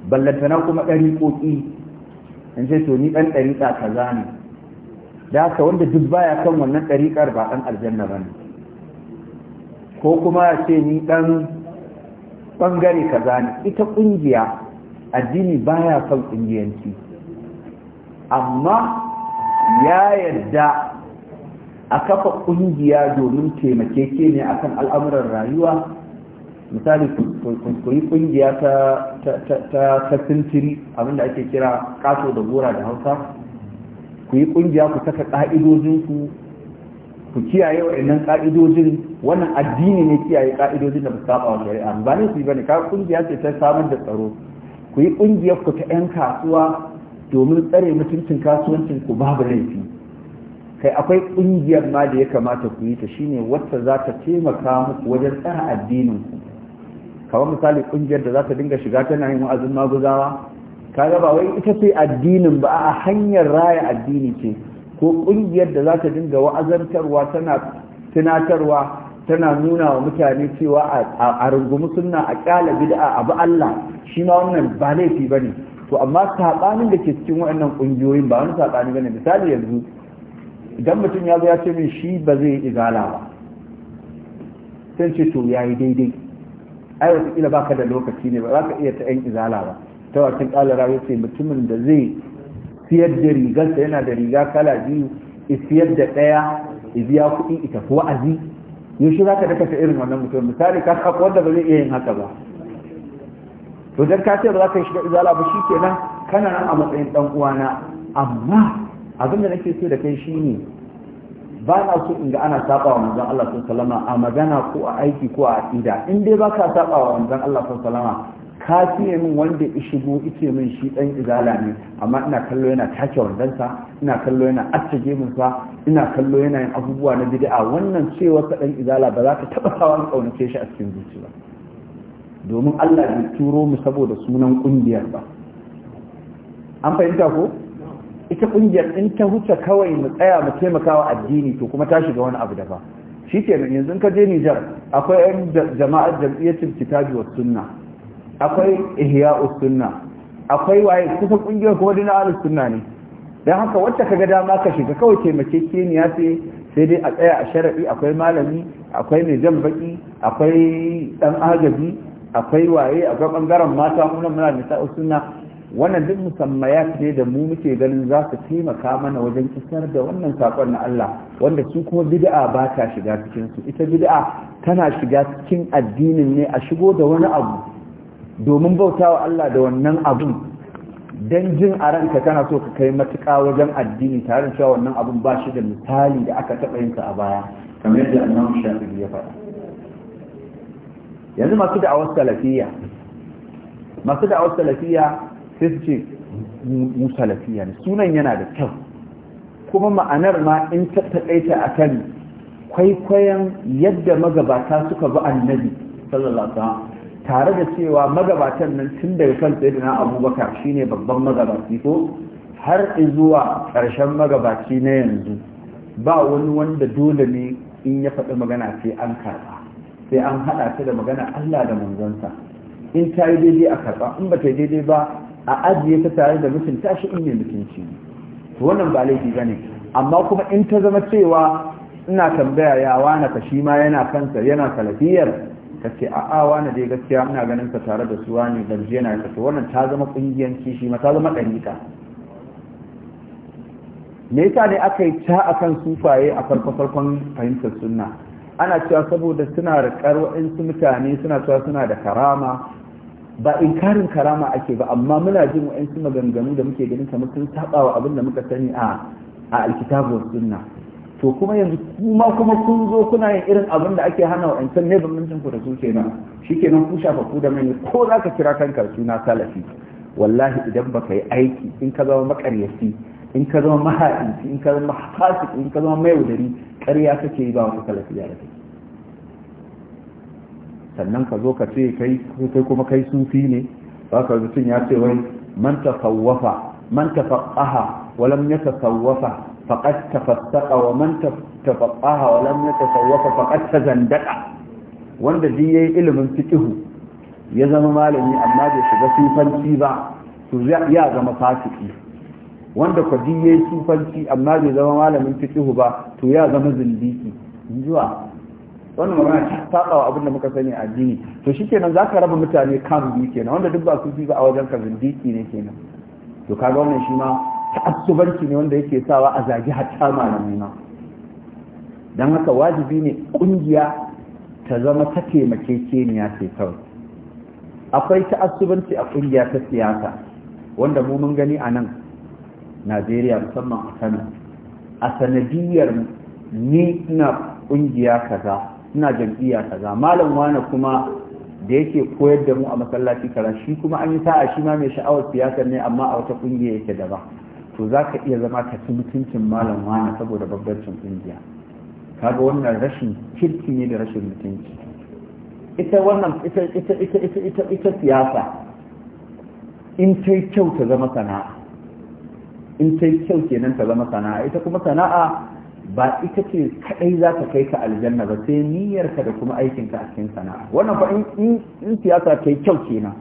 ballantana kuma ƙoƙi in ce to ni ɗan ɗariƙa kaza ne da haka wanda duk baya kan wannan ɗariƙar ba ɗan aljanna ba ne ko kuma ya ce ni ɗan ɓangare ka ne ita ƙungiya addini baya kan ƙungiyanci amma ya yarda a kafa ƙungiya domin taimakeke ne akan al'amuran rayuwa misali ku yi kungiya ta sintiri abinda ake kira kato da gora da hausa ku yi kungiya ku saka ka'idojinku ku kiyaye wa'annan ka'idojin wannan addini ne kiyaye ka'idojin da ba saba wa shari'a ba ne su yi bane ka kungiya ce ta samar da tsaro ku yi kungiya ku ta 'yan kasuwa domin tsare mutuncin kasuwancin ku babu laifi kai akwai kungiyar ma da ya kamata ku yi ta shine wacce za ta taimaka muku wajen tsara addinin ku kawai misali kungiyar da za ta dinga shiga tana yin wa'azin maguzawa ka gaba wai ita sai addinin ba a hanyar raya addini ce ko kungiyar da za ta dinga wa'azantarwa tana tunatarwa tana nuna wa mutane cewa a rungumi suna a kyala bid'a abu Allah shi ma wannan ba laifi ba ne to amma sabanin da ke cikin waɗannan kungiyoyin ba wani ba ne misali yanzu idan mutum ya zo ya ce min shi ba zai igala ba sai ce to ya yi daidai ai wataƙila baka da lokaci ne ba za ka iya ta yan izala ba ta wakil ƙalara ya ce mutumin da zai siyar da rigarsa yana da riga kala biyu isiyar da ɗaya biya kuɗi ita ko wa'azi yaushe za ka dakata irin wannan mutum misali ka kafa wanda ba zai iya yin haka ba to dan ka ce ba za ka shiga izala ba shi kenan kana nan a matsayin ɗan uwana amma abin da nake so da kai shine ba na so in ga ana saba wa manzon Allah sallallahu alaihi a magana ko a aiki ko a aqida in dai baka saba wa manzon Allah sallallahu alaihi ka fiye min wanda ya shigo ice min shi dan izala ne amma ina kallo yana take sa ina kallo yana attaje min sa ina kallo yana yin abubuwa na bid'a wannan cewa ka dan izala ba za ka taba kawo kaunace shi a cikin zuciya domin Allah bai turo mu saboda sunan kungiyar ba an fahimta ko ita ƙungiyar in ta huce kawai mu tsaya mu taimakawa addini to kuma ta shiga wani abu daban shi ke yanzu ka je Nijar akwai yan jama'ar jam'iyyar kitabi wa sunna akwai ihya'us sunna akwai waye kusan ƙungiyar kuma dina al sunna ne dan haka wacce ka ga dama ka shiga kawai taimake ke ya sai sai dai a tsaya a sharadi akwai malami akwai mai jan baki akwai ɗan agaji akwai waye akwai bangaren mata mun muna nisa sunna wannan duk musammayat ne da mu muke ganin za su taimaka mana wajen isar da wannan sakon na Allah wanda su kuma bid'a ba ta shiga cikin su ita bid'a tana shiga cikin addinin ne a shigo da wani abu domin bautawa Allah da wannan abun dan jin a ranka kana so ka kai matuƙa wajen addini tare da wannan abun ba shi da misali da aka taɓa yinsa a baya kamar yadda annabi shafi ya faɗa yanzu masu da'awar salafiyya masu da'awar salafiyya sai su ce mu ne sunan yana da kyau kuma ma'anar ma in ta a kan kwaikwayon yadda magabata suka bi annabi sallallahu tare da cewa magabatan nan tun daga kan na abubakar ne babban magabaci ko har zuwa ƙarshen magabaci na yanzu ba wani wanda dole ne in ya faɗi magana sai an karɓa sai an haɗa ta da magana Allah da manzansa in ta yi daidai a karɓa in ba ta yi daidai ba a ajiye ta tare da ta shi in mutunci wannan ba laifi ba ne amma kuma in ta zama cewa ina tambaya ya wana ka shi ma yana kansa yana salafiyar ka ce a a wana dai gaskiya ina ganin ka tare da su wani ban je na kasu wannan ta zama kungiyanci shi ma ta zama ɗariƙa me yasa ne aka yi ta kan sufaye a farko farkon fahimtar sunna ana cewa saboda suna riƙar waɗansu mutane suna cewa suna da karama ba in inkarin karama ake ba amma muna jin wayansu maganganu da muke ganin kamar sun saba wa abin da muka sani a a alkitabu sunna to kuma yanzu kuma kuma kun zo kuna yin irin abin da ake hana wa ne bambancin ku da su kenan shikenan ku shafa ku da mai ko za ka kira kanka suna salafi wallahi idan baka yi aiki in ka zama makaryaci in ka zama mahaifi in ka zama fasik in ka zama mayaudari karya kake yi ba wa salafi da sannan ka zo ka ce kai kai kuma kai sufi ne ba ka mutum ya ce wai man tasawwafa man tafaqaha wa lam yatasawwafa faqad tafassaqa wa man tafaqaha wa lam yatasawwafa faqad tazandaqa wanda duk yayi ilimin fiqhu ya zama malami amma bai shiga sufanci ba to ya zama fasiki wanda ji duk yayi sufanci amma bai zama malamin fiqhu ba to ya zama zindiki zuwa wannan magana ta tsawa wa abinda muka sani a addini to shikenan ka raba mutane kan biyu kenan wanda duk ba su fi ba a wajen ka zindiki ne kenan to kaga wannan shi ma ta'assubanci ne wanda yake sawa a zagi hatta malamai ma dan haka wajibi ne kungiya ta zama ta taimake keniya ce kawai akwai ta'assubanci a kungiya ta siyasa wanda mu mun gani a nan najeriya musamman a kano a sanadiyar ni na kungiya kaza ina jam'iyya kaza malam wani kuma da yake koyar da mu a masallaci kara shi kuma an yi sa'a shi ma mai sha'awar siyasa ne amma a wata kungiya yake ba, to za ka iya zama ka ci mutuncin malam wani saboda babbar babbancin kungiya kaga wannan rashin kirki ne da rashin mutunci ita wannan ita ita ita ita ita ita siyasa in ta kyau ta zama sana'a in ta kyau kenan ta zama sana'a ita kuma sana'a ba ita ce kadai za ta kai ka aljanna ba sai niyyarka da kuma aikinka a cikin sana'a wannan fa in siyasa ta yi kyau kenan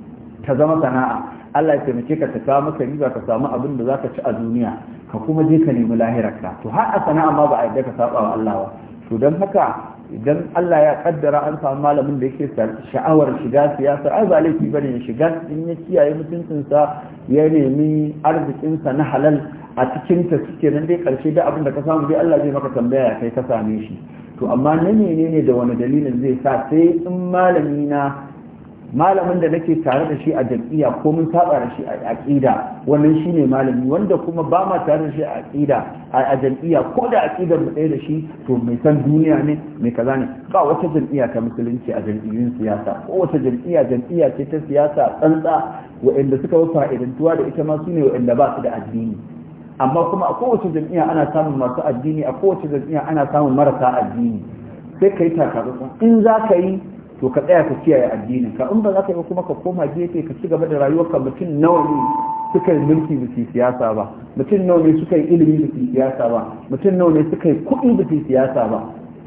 ta zama sana'a Allah ya taimake ka ta samu maka riba ka samu abin da za ka ci a duniya ka kuma je ka nemi lahirarka to har a sana'a ma ba a yadda ka saba wa Allah ba to don haka idan Allah ya kaddara an samu malamin da yake sha'awar shiga siyasa ai ba laifi bane ya shiga in ya kiyaye mutuncinsa ya nemi arzikinsa na halal a cikin ta suke nan dai karshe da abin da ka samu dai Allah zai maka tambaya kai ka same shi to amma ne ne ne da wani dalilin zai sa sai in malami na malamin da nake tare da shi a jam'iyya ko mun saba da shi a aqida wannan shine malami wanda kuma ba ma tare da shi a aqida a jam'iyya ko da aqidar mu ɗaya da shi to mai san duniya ne mai kaza ne ba wata jam'iyya ta musulunci a jam'iyyun siyasa ko wata jam'iyya jam'iyya ce ta siyasa tsantsa waɗanda suka wafa fa'idantuwa da ita ma ne waɗanda ba su da addini amma kuma a kowace jam'iyya ana samun masu addini a kowace jam'iyya ana samun marasa addini sai kai taka in za ka yi to ka tsaya ka kiyaye addinin ka in ba za ka yi kuma ka koma gefe ka ci gaba da rayuwarka mutum nawa ne suka yi mulki da siyasa ba mutum nawa ne suka yi ilimi da siyasa ba mutum nawa ne suka yi kuɗi da siyasa ba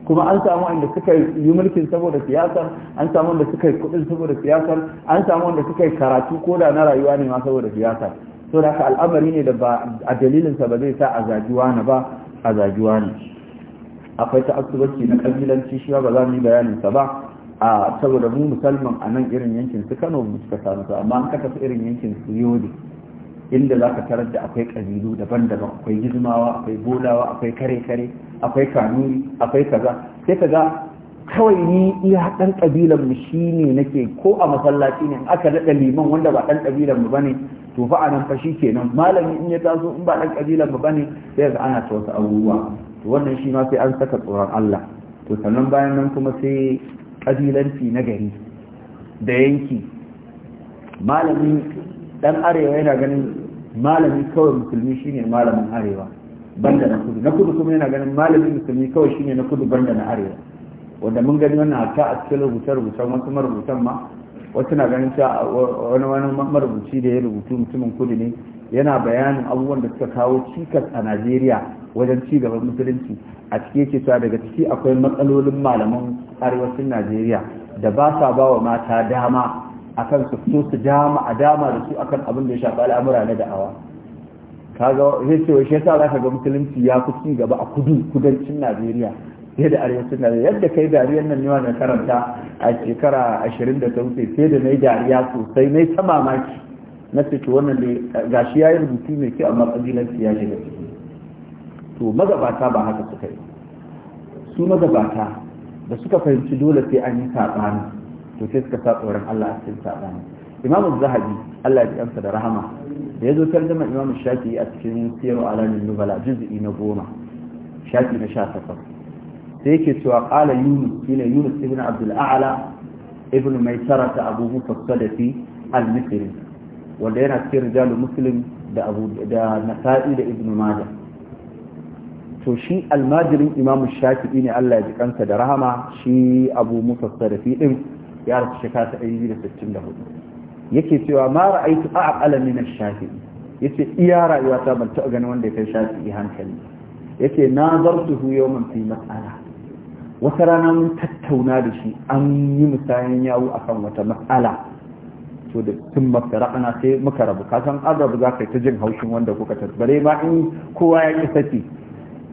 kuma an samu wanda suka yi mulkin saboda siyasar an samu wanda suka yi kuɗin saboda siyasar an samu wanda suka yi karatu ko da na rayuwa ne ma saboda siyasa so da al'amari ne da ba a dalilinsa ba zai sa a zajuwa na ba a zajuwa ne akwai ta asubaci na kabilanci shi ba za mu yi bayaninsa ba a saboda mu musalman a nan irin yankin su kano mu suka samu su amma an kasa su irin yankin su yodi inda za ka tarar da akwai ƙabilu daban-daban akwai gizmawa akwai bolawa akwai kare-kare akwai kanuri akwai kaza sai ka ga kawai ni iya ɗan ƙabilan mu shi ne nake ko a masallaci ne aka daɗa liman wanda ba ɗan ƙabilan mu bane to fa a nan fa shi kenan malami in ya taso in ba ɗan ƙabilan mu bane sai ga ana ta wasu abubuwa to wannan shi ma sai an saka tsoron Allah to sannan bayan nan kuma sai ƙabilanci na gari da yanki malami ɗan arewa yana ganin malami kawai musulmi shine malamin arewa banda na kudu na kudu kuma yana ganin malamin musulmi kawai shine na kudu banda na arewa wanda mun gani wannan hatta a cikin rubuce-rubucen wasu marubutan ma wasu na ganin ta wani wani marubuci da ya rubutu mutumin kudu ne yana bayanin abubuwan da suka kawo cikas a najeriya wajen ci gaban musulunci a ciki ce cewa daga ciki akwai matsalolin malaman arewacin najeriya da ba sa ba wa mata dama akan su fito su dama a dama da su akan abin da ya shafi al'amura na da'awa kaga zai ce shi yasa zaka ga musulunci ya fi ci gaba a kudu kudancin najeriya fiye da arewacin najeriya yadda kai dariyar nan ne wanda karanta a shekara ashirin da ta wuce sai da na yi dariya sosai na yi ta mamaki na ce wannan da gashi ya yi rubutu mai kyau amma kabilanci ya shiga ciki to magabata ba haka suka yi su magabata da suka fahimci dole sai an yi saɓani to sai suka sa tsoron Allah a cikin saɓani imam zahabi Allah ya amsa da rahama da ya zo tarjama imam shafi a cikin siyar alamin nubala juz'i na goma shafi na sha takwas sai yake cewa ƙala yunus ne yunus ibn abdul a'la ibn mai ta abu mufassalafi al-misri wanda yana cikin rijalu muslim da abu da nasa'i da ibn majah to shi almajirin imamu shafi'i ne Allah ya ji kansa da rahama shi abu musa sarafi din ya rasu shekara ta 164 yake cewa ma ra'aitu a'qala min ash-shafi'i yace iya rayuwa ta ban taɓa ganin wanda ya kai shafi'i hankali yace na zartuhu yawman fi mas'ala wata rana mun tattauna da shi an yi musayan yawo akan wata mas'ala to da sun mafara'ana sai muka rabu kasan an rabu za ka yi ta jin haushin wanda kuka tasbare ma in kowa ya ƙi saki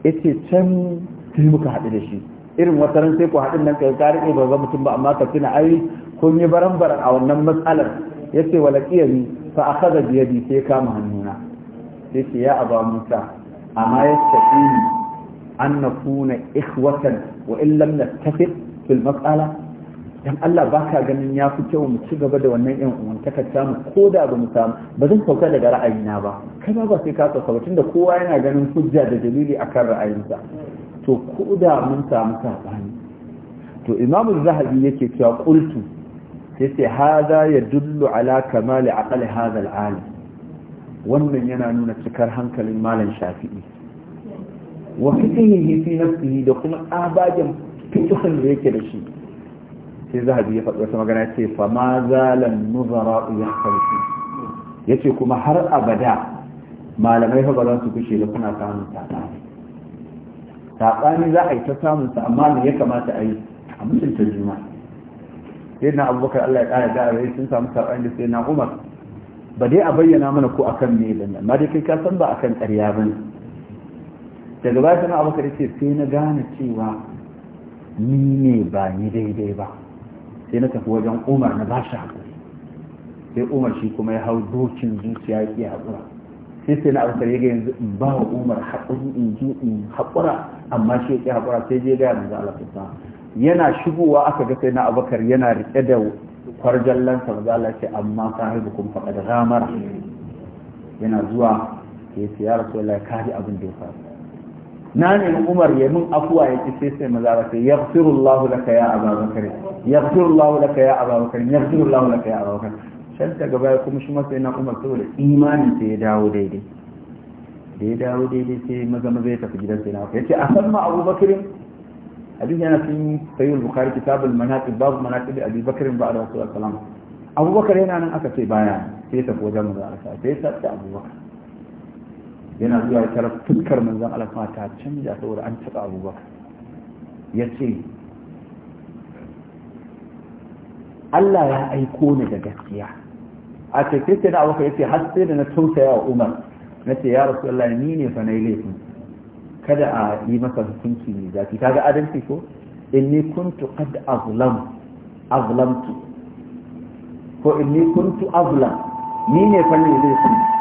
yace can sai muka haɗu da shi irin wata ran sai ku haɗin nan kai ka rike ba mu mutum ba amma ka tuna ai kun yi baran-baran a wannan matsalar yace wala qiyami fa akhadha bi yadi sai kama hannuna yace ya aba musa amma yastaqini an nakuna ikhwatan wa in lam nattafiq fil matsala. dan Allah ba ka ganin ya fi kyau mu ci gaba da wannan yan uwantakar mu ko da ba mu samu ba zan sauka daga ra'ayina ba kai ma ba sai ka sauka ba tunda kowa yana ganin hujja da dalili akan ra'ayinsa to ko da mun samu sabani to imamu zahabi yake cewa qultu sai sai hada ya dullu ala kamali aqal hada al'ali wannan yana nuna cikar hankalin malam shafi'i wa fikihihi fi nafsihi da kuma abagen fikihin da yake da shi sai zahabi ya faɗi wata magana ce fa ma zalan nuzara ya ya ce kuma har abada malamai fa ba za su kushe da kuna samun saɓani saɓani za a yi ta samun sa amma me ya kamata a yi a mutunta juna sai na abubakar allah ya ƙara da'arai sun samu saɓani da sai na umar ba dai a bayyana mana ko akan me ba amma dai kai ka san ba akan ƙarya ba ne daga baya sana abubakar ce sai na gane cewa ni ne ba ni daidai ba sai na tafi wajen umar na ba shi haƙuri sai umar shi kuma ya hau dokin zuciya ya ƙiya haƙura sai sai na abokar ya ga yanzu in ba wa umar haƙuri in ji in haƙura amma shi ya ƙiya haƙura sai je gaya manzo Allah ta yana shigowa aka ga sai na abokar yana riƙe da kwarjan kwarjallansa za amma ce amma faɗa da ramar yana zuwa ya ce ya rasulullahi kaji abin da ya faru na ne umar ya min afuwa ya ki sai sai maza ba sai yaghfirullahu laka ya ababakar yaghfirullahu laka ya ababakar yaghfirullahu laka ya ababakar shan ta gaba kuma shi masa yana umar saboda imanin sai ya dawo daidai da ya dawo daidai sai maza maza ya tafi gidan sai na yace a san ma Bakirin, hadisi yana cikin sayyid bukhari kitabul manaqib babu manaqib abu bakr ba rasulullah sallallahu alaihi wasallam abubakar yana nan aka ce baya sai ya tafi wajen maza sai ya tafi abubakar yana zuwa ya tarar fuskar manzon Allah ta canja saboda an taɓa abubakar ya ce Allah ya aiko ni da gaskiya a cikin sai na abubakar ya ce har sai da na tausaya wa umar na ce ya rasu Allah ni ne fa na yi laifin kada a yi masa hukunci ne zafi kaga adalci ko in inni kuntu qad azlam azlamtu ko in inni kuntu azlam ni ne fa ne laifin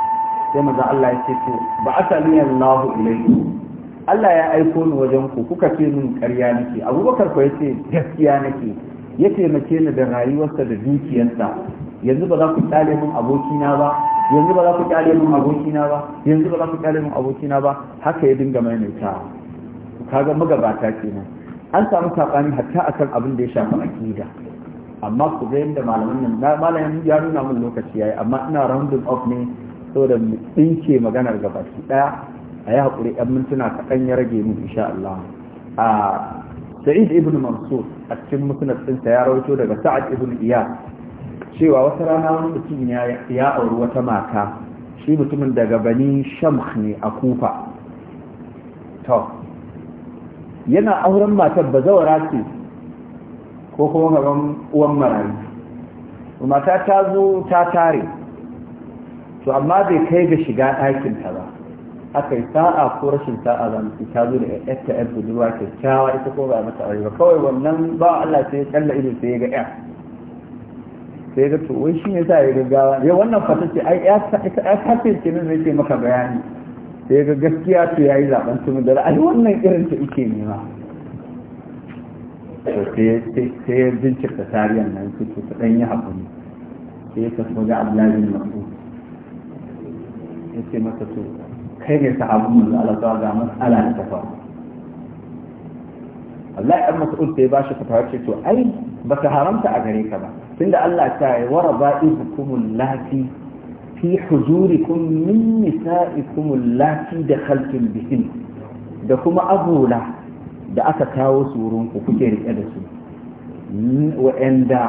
sai maza Allah ya ce to ba asali Allahu ilayhi Allah ya aiko ni wajen ku kuka ce min ƙarya nake Abubakar ko yace gaskiya nake ya taimake ni da rayuwarsa da dukiyarsa yanzu ba za ku kyale min abokina ba yanzu ba za ku kyale min abokina ba yanzu ba za ku kyale min abokina ba haka ya dinga maimaitawa kaga magabata kenan an samu sabani hatta akan abin da ya shafi akida amma ku ga yadda malamin nan malamin ya nuna min lokaci yayi amma ina rounding up ne saboda mu tsinke maganar ki daya a yi hakuri ɗan mintuna kaɗan ya rage mu insha Allah a Sa'id ibn Mansur a cikin musnad ɗinsa ya rawaito daga Sa'ad ibn Iyas cewa wata rana wani mutum ya auri wata mata shi mutumin daga bani Shamkh ne a Kufa to yana auren matar bazawara ce ko kuma gaban uwan marayu mata ta zo ta tare to amma bai kai ga shiga ɗakin ta ba aka yi sa'a ko rashin sa'a za mu ci ta zo da ƴaƴa ta ƴar budurwa kyakkyawa ita ko ba mata aure ba kawai wannan ba Allah sai ya kalla ido sai ya ga ƴa sai ga to wai shine sa ya gaggawa ya wannan fata ce ai ƴa ta ƴa ce ce nan yake maka bayani sai ga gaskiya to yayi zaben tumi da ai wannan irin ta yake nema to sai sai bincika tarihin nan sai ta dan yi hakuri sai ta tafi ga Abdullahi bin Mas'ud ya ce masa to kai ne sahabin manzo Allah ta ga mas'ala ta faru Allah ya amma mas'ud sai bashi shi fatawa ce to ai ba ta haramta a gare ka ba tunda Allah ta yi wa raba'ibukum lati fi huzurikum min nisa'ikum lati dakhaltum bihin da kuma abula da aka kawo su wurin ku kuke rike da su wa'anda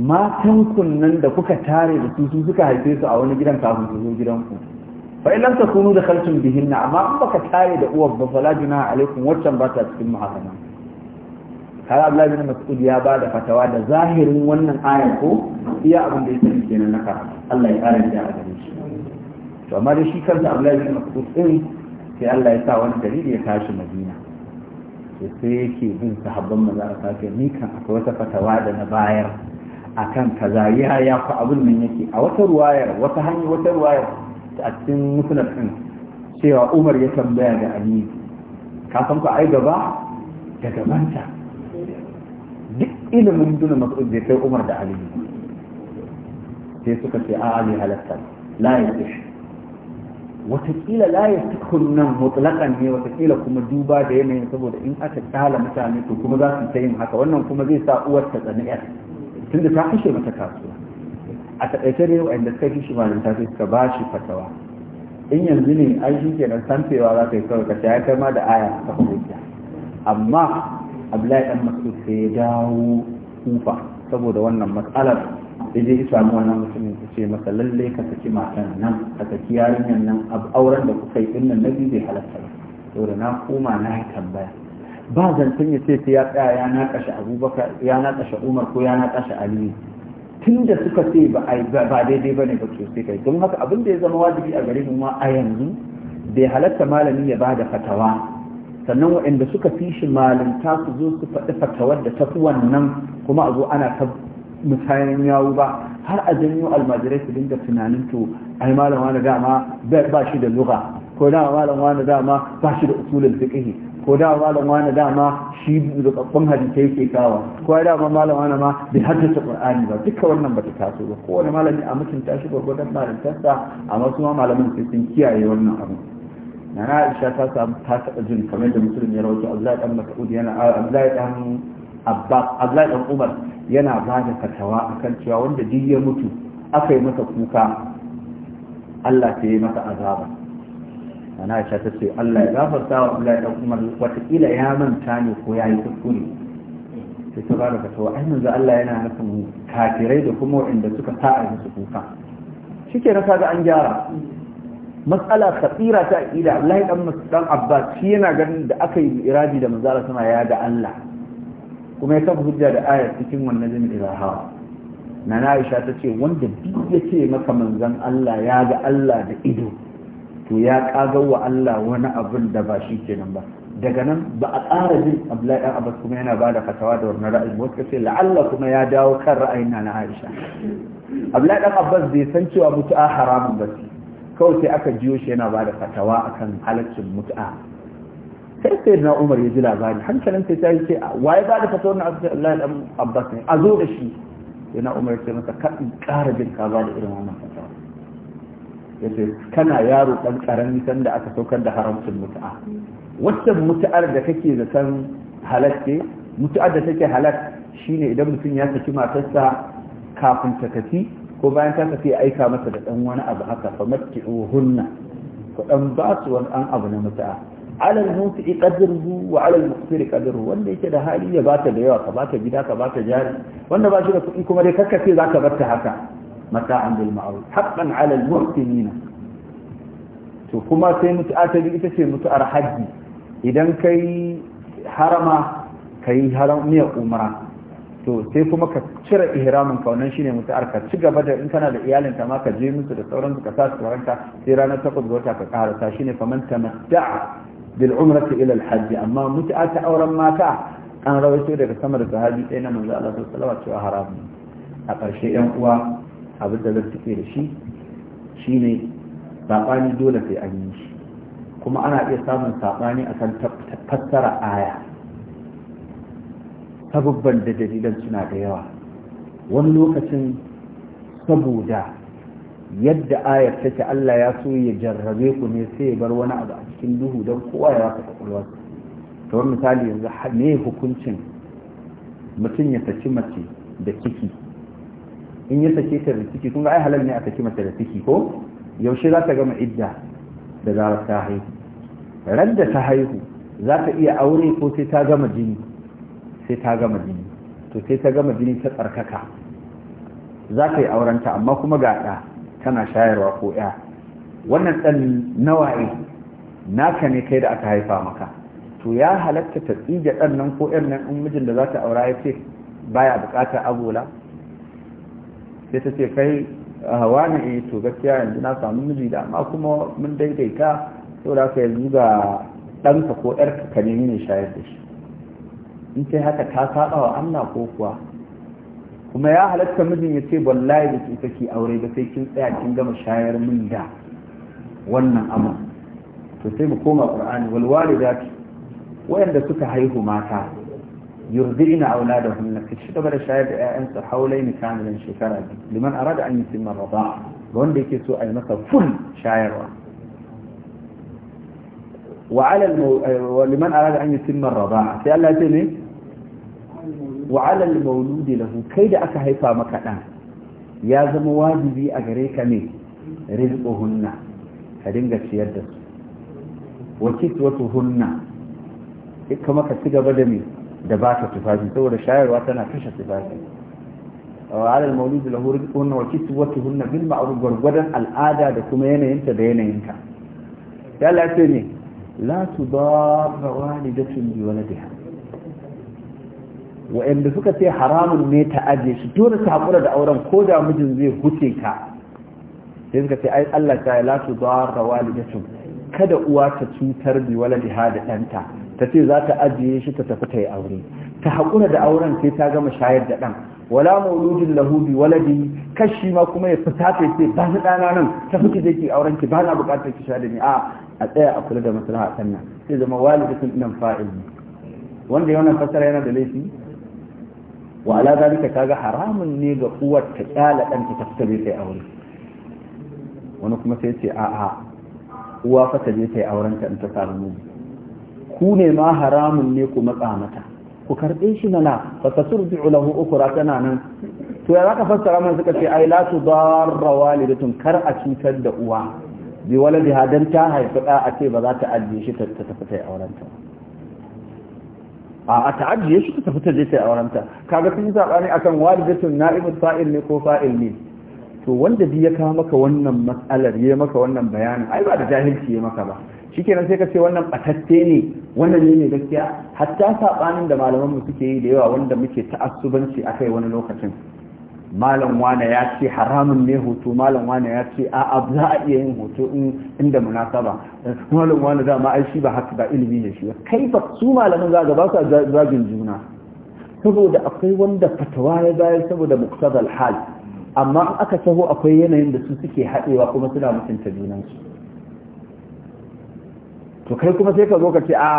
matan kunnan da kuka tare da su su suka haife su a wani gidan kafin su zo gidanku fa in da takunu bihinna amma in baka tare da uwar ba fala junaha alaikum waccan ba ta cikin muharrama har Abdullahi bin Mas'ud ya ba da fatawa da zahirin wannan ayar ko iya abin da yake kenan na karatu Allah ya kare da a gare shi to amma da shi kansa Abdullahi bin Mas'ud din sai Allah ya sa wani dalili ya tashi Madina sai yake bin sahabban maza a sake ni kan akwai wata fatawa da na bayar akan kaza ya ya abin nan yake a wata ruwayar wata hanyar wata ruwayar a cikin musulun ɗin cewa umar ya tambaya da aliyu ka san ku ai gaba da gabanta duk ilimin duna mas'ud da kai umar da aliyu sai suka ce a ali halatta la ya ish watakila la ya tukun nan mutlakan ne watakila kuma duba da yanayin saboda in aka mutane to kuma za su ta yin haka wannan kuma zai sa uwar ta tsaniyar tunda ta kashe mata kasuwa a taƙaice ne waɗanda suka fi shi malinta sai suka ba shi fatawa in yanzu ne ai shi nan sanfewa za ka yi kawai ka ya yi ma da aya ta hujja amma abdullahi dan masu sai ya dawo kufa saboda wannan matsalar da zai samu wannan mutumin ta ce masa lalle ka saki matan nan ka saki yarinyar nan auren da kuka yi din nan nabi zai halatta ba saboda na koma na yi tambaya ba zancen ya ce sai ya tsaya ya naƙashe abubakar ya kashe umar ko ya kashe aliyu tun da suka ce ba daidai ba ne ba to sai kai don haka abin da ya zama wajibi a gare mu ma a yanzu bai halatta malami ya ba da fatawa sannan waɗanda suka fi shi malinta su zo su faɗi fatawar da tafi wannan kuma a zo ana ta musayan yawu ba har a janyo almajirai su dinga tunanin to ai malama na dama ba shi da lura ko da malam wani dama ba shi da usulul fiqh ko da malam wani dama shi rubabban hadisi yake kawa ko da ma malam wani ma bai haddace qur'ani ba duka wannan ba ta taso ba wani malami a mutunta shi malam tassa amma su ma malamin sai sun kiyaye wannan abu na Aisha ta samu ta taɓa jin kamar da musulmi ya rawaito Abdullahi dan Mas'ud yana Abdullahi dan Abbas Abdullahi dan Umar yana ba da fatawa akan cewa wanda duk ya mutu aka yi masa kuka Allah ta yi masa azaba ana aisha ta ce Allah ya gafarta wa Allah ya Umar wataƙila ya manta ne ko ya yi kuskure sai ta bada fatawa ai manzo Allah yana nufin kafirai da kuma waɗanda suka sa a musu kuka shike na kaga an gyara matsala khatira ta aqida Allah dan dan Abbas shi yana ganin da aka yi iradi da manzo sama ya ga Allah kuma ya kafa hujja da ayat cikin wannan jin hawa na Aisha ta ce wanda duk ce maka manzon Allah ya ga Allah da ido to ya kagar wa Allah wani abin da ba shi kenan ba daga nan ba a ƙara jin Abdullahi ɗan Abbas kuma yana bada fatawa da wannan ra'ayi ba wata la'alla kuma ya dawo kan ra'ayin na Aisha Abdullahi ɗan Abbas bai san cewa mutu'a haramun ba ce kawai sai aka jiyo shi yana bada fatawa akan halaccin mutu'a sai sai na Umar ya ji labari hankalin sai ta ce waye ba da fatawar na Abdullahi ɗan Abbas ne a zo da shi yana Umar ya ce masa kaɗin ƙara jin ka ba da irin wannan yace kana yaro ɗan ƙarami sanda aka saukar da haramcin mutu'a wacce mutu'ar da kake da san halal mutu'ar da take halal shine idan mutum ya saki matarsa kafin ta tafi ko bayan ta tafi aika masa da ɗan wani abu haka fa hunna, ko ɗan ba su wani abu na mutu'a al mutu'i qadruhu wa al muqsiri qadruhu wanda yake da hali ya bata da yawa ka bata gida ka bata jari wanda ba shi da kuɗi kuma dai kakkace zaka bar ta haka mata'an bil ma'ruf haqqan 'ala to kuma sai mutu'a ta ita ce mutu'ar haji idan kai harama ka yi ne umra to sai kuma ka cire ihramin kaunan wannan shine mutu'ar ka ci gaba da in kana da iyalinka ka ma ka je musu da sauran ka sa su ranka sai ranar takwas ga wata ka karasa shine faman tamatta'a bil umrati ila al amma mutu'a ta auren mata an rawaito daga sama da sahabi ɗaya na manzo Allah sallallahu alaihi wasallam cewa haramun a ƙarshe 'yan uwa abin da zai da shi shine saɓani dole sai an yi shi kuma ana iya samun saɓani a kan fassara aya sababban da dalilan suna da yawa wani lokacin saboda yadda ayar take Allah ya so ya jarrabe ku ne sai ya bar wani abu a cikin duhu don kowa ya ka kwakwalwa kamar misali yanzu ne hukuncin mutum ya saki mace da ciki in ya sake ta da ciki kuma ai halal ne a saki mata da ciki ko yaushe za ta gama idda da zarar ta haihu ran da ta haihu za ta iya aure ko sai ta gama jini sai ta gama jini to sai ta gama jini ta tsarkaka za ta yi aurenta amma kuma ga ɗa tana shayarwa ko ya wannan ɗan nawa'i naka ne kai da aka haifa maka to ya halatta ta tsige ɗan nan ko ƴan nan in mijin da za ta aura ya ce baya bukatar abola sai ta ce kai a hawa na eh to gaskiya yanzu na samu miji da amma kuma mun daidaita sau da aka yanzu ga ɗanka ko ƴarka ka nemi ne shayar da shi in sai haka ta saba wa Allah ko kuwa kuma ya halatta mijin ya ce wallahi da ke take aure ba sai kin tsaya kin gama shayar min da wannan amma to sai mu koma qur'ani wal walidati wayanda suka haihu mata يرضعن أولادهن كتشد بلا شاهد أنت حولين كاملا شكرا لمن أراد أن يتم الرضاعة وان دي كسو أي مثل فل شاعر وعلى المو... ولمن أراد أن يتم الرضاعة سأل الله تاني وعلى المولود له كيد أكا هيفا مكان يا زم واجبي أغريك مي رزقهن هدنجا سيادة وكسوتهن كما كتشد بدا مي da ba ta tufafi saboda shayarwa tana kashe tufafi wa alal maulidi lahu rizquhunna wa kiswatuhunna bil ma'ruf gwargwadon al'ada da kuma yanayinta da yanayinka ya lafiya ne la tudarra walidatun bi waladiha wa'anda suka ce haramun ne ta ajiye shi dole su haƙura da auren ko da mijin zai huce ka sai suka ce ai Allah ta la da walidatun kada uwa ta cutar bi waladiha da ɗanta ta ce za ta ajiye shi ta tafi ta yi aure ta haƙura da auren sai ta gama shayar da ɗan wala mauludin lahudi waladi kashi ma kuma ya fita ta ce ba ni ɗana nan ta fita ki ke auren ki ba na buƙatar ki shayar da ni a a tsaya a kula da maslaha a nan sai zama walidatun nan fa'il wanda yawan fasara yana da laifi wa ala zalika kaga haramun ne ga uwar ta kyala ɗan ta fita ta yi aure wani kuma sai ce a'a uwa fa ta ta yi auren ta in ta samu mu. ku ne ma haramun ne ku matsa mata ku karɓe shi mana fa tasurji'u lahu ukra tana nan to ya zaka fassara mana suka ce ai la tudarra walidatun kar a cutar da uwa bi waladiha dan ta haifi da a ce ba za ta ajiye shi ta tafi ta auren a a ta ajiye shi ta tafi ta je ta auren kaga kun sabani akan walidatun na'ibu fa'il ne ko fa'il ne to wanda bi ya kawo maka wannan matsalar ya maka wannan bayanin ai ba da jahilci ya maka ba shikenan sai ka ce wannan batatte ne wannan ne ne gaskiya hatta saɓanin da malamanmu suke yi da yawa wanda muke ta'assubanci a kai wani lokacin malam wane ya ce haramun ne hoto malam wane ya ce a za a iya yin hoto inda munasaba malam wane za ai aishi ba haka ba ilimi ne shi ba kai ba su malamin za ba su zagin juna saboda akwai wanda fatawa ya bayar saboda muktazal hal amma aka taho akwai yanayin da su suke haɗewa kuma suna mutunta junansu to kai kuma sai ka zo ka ce a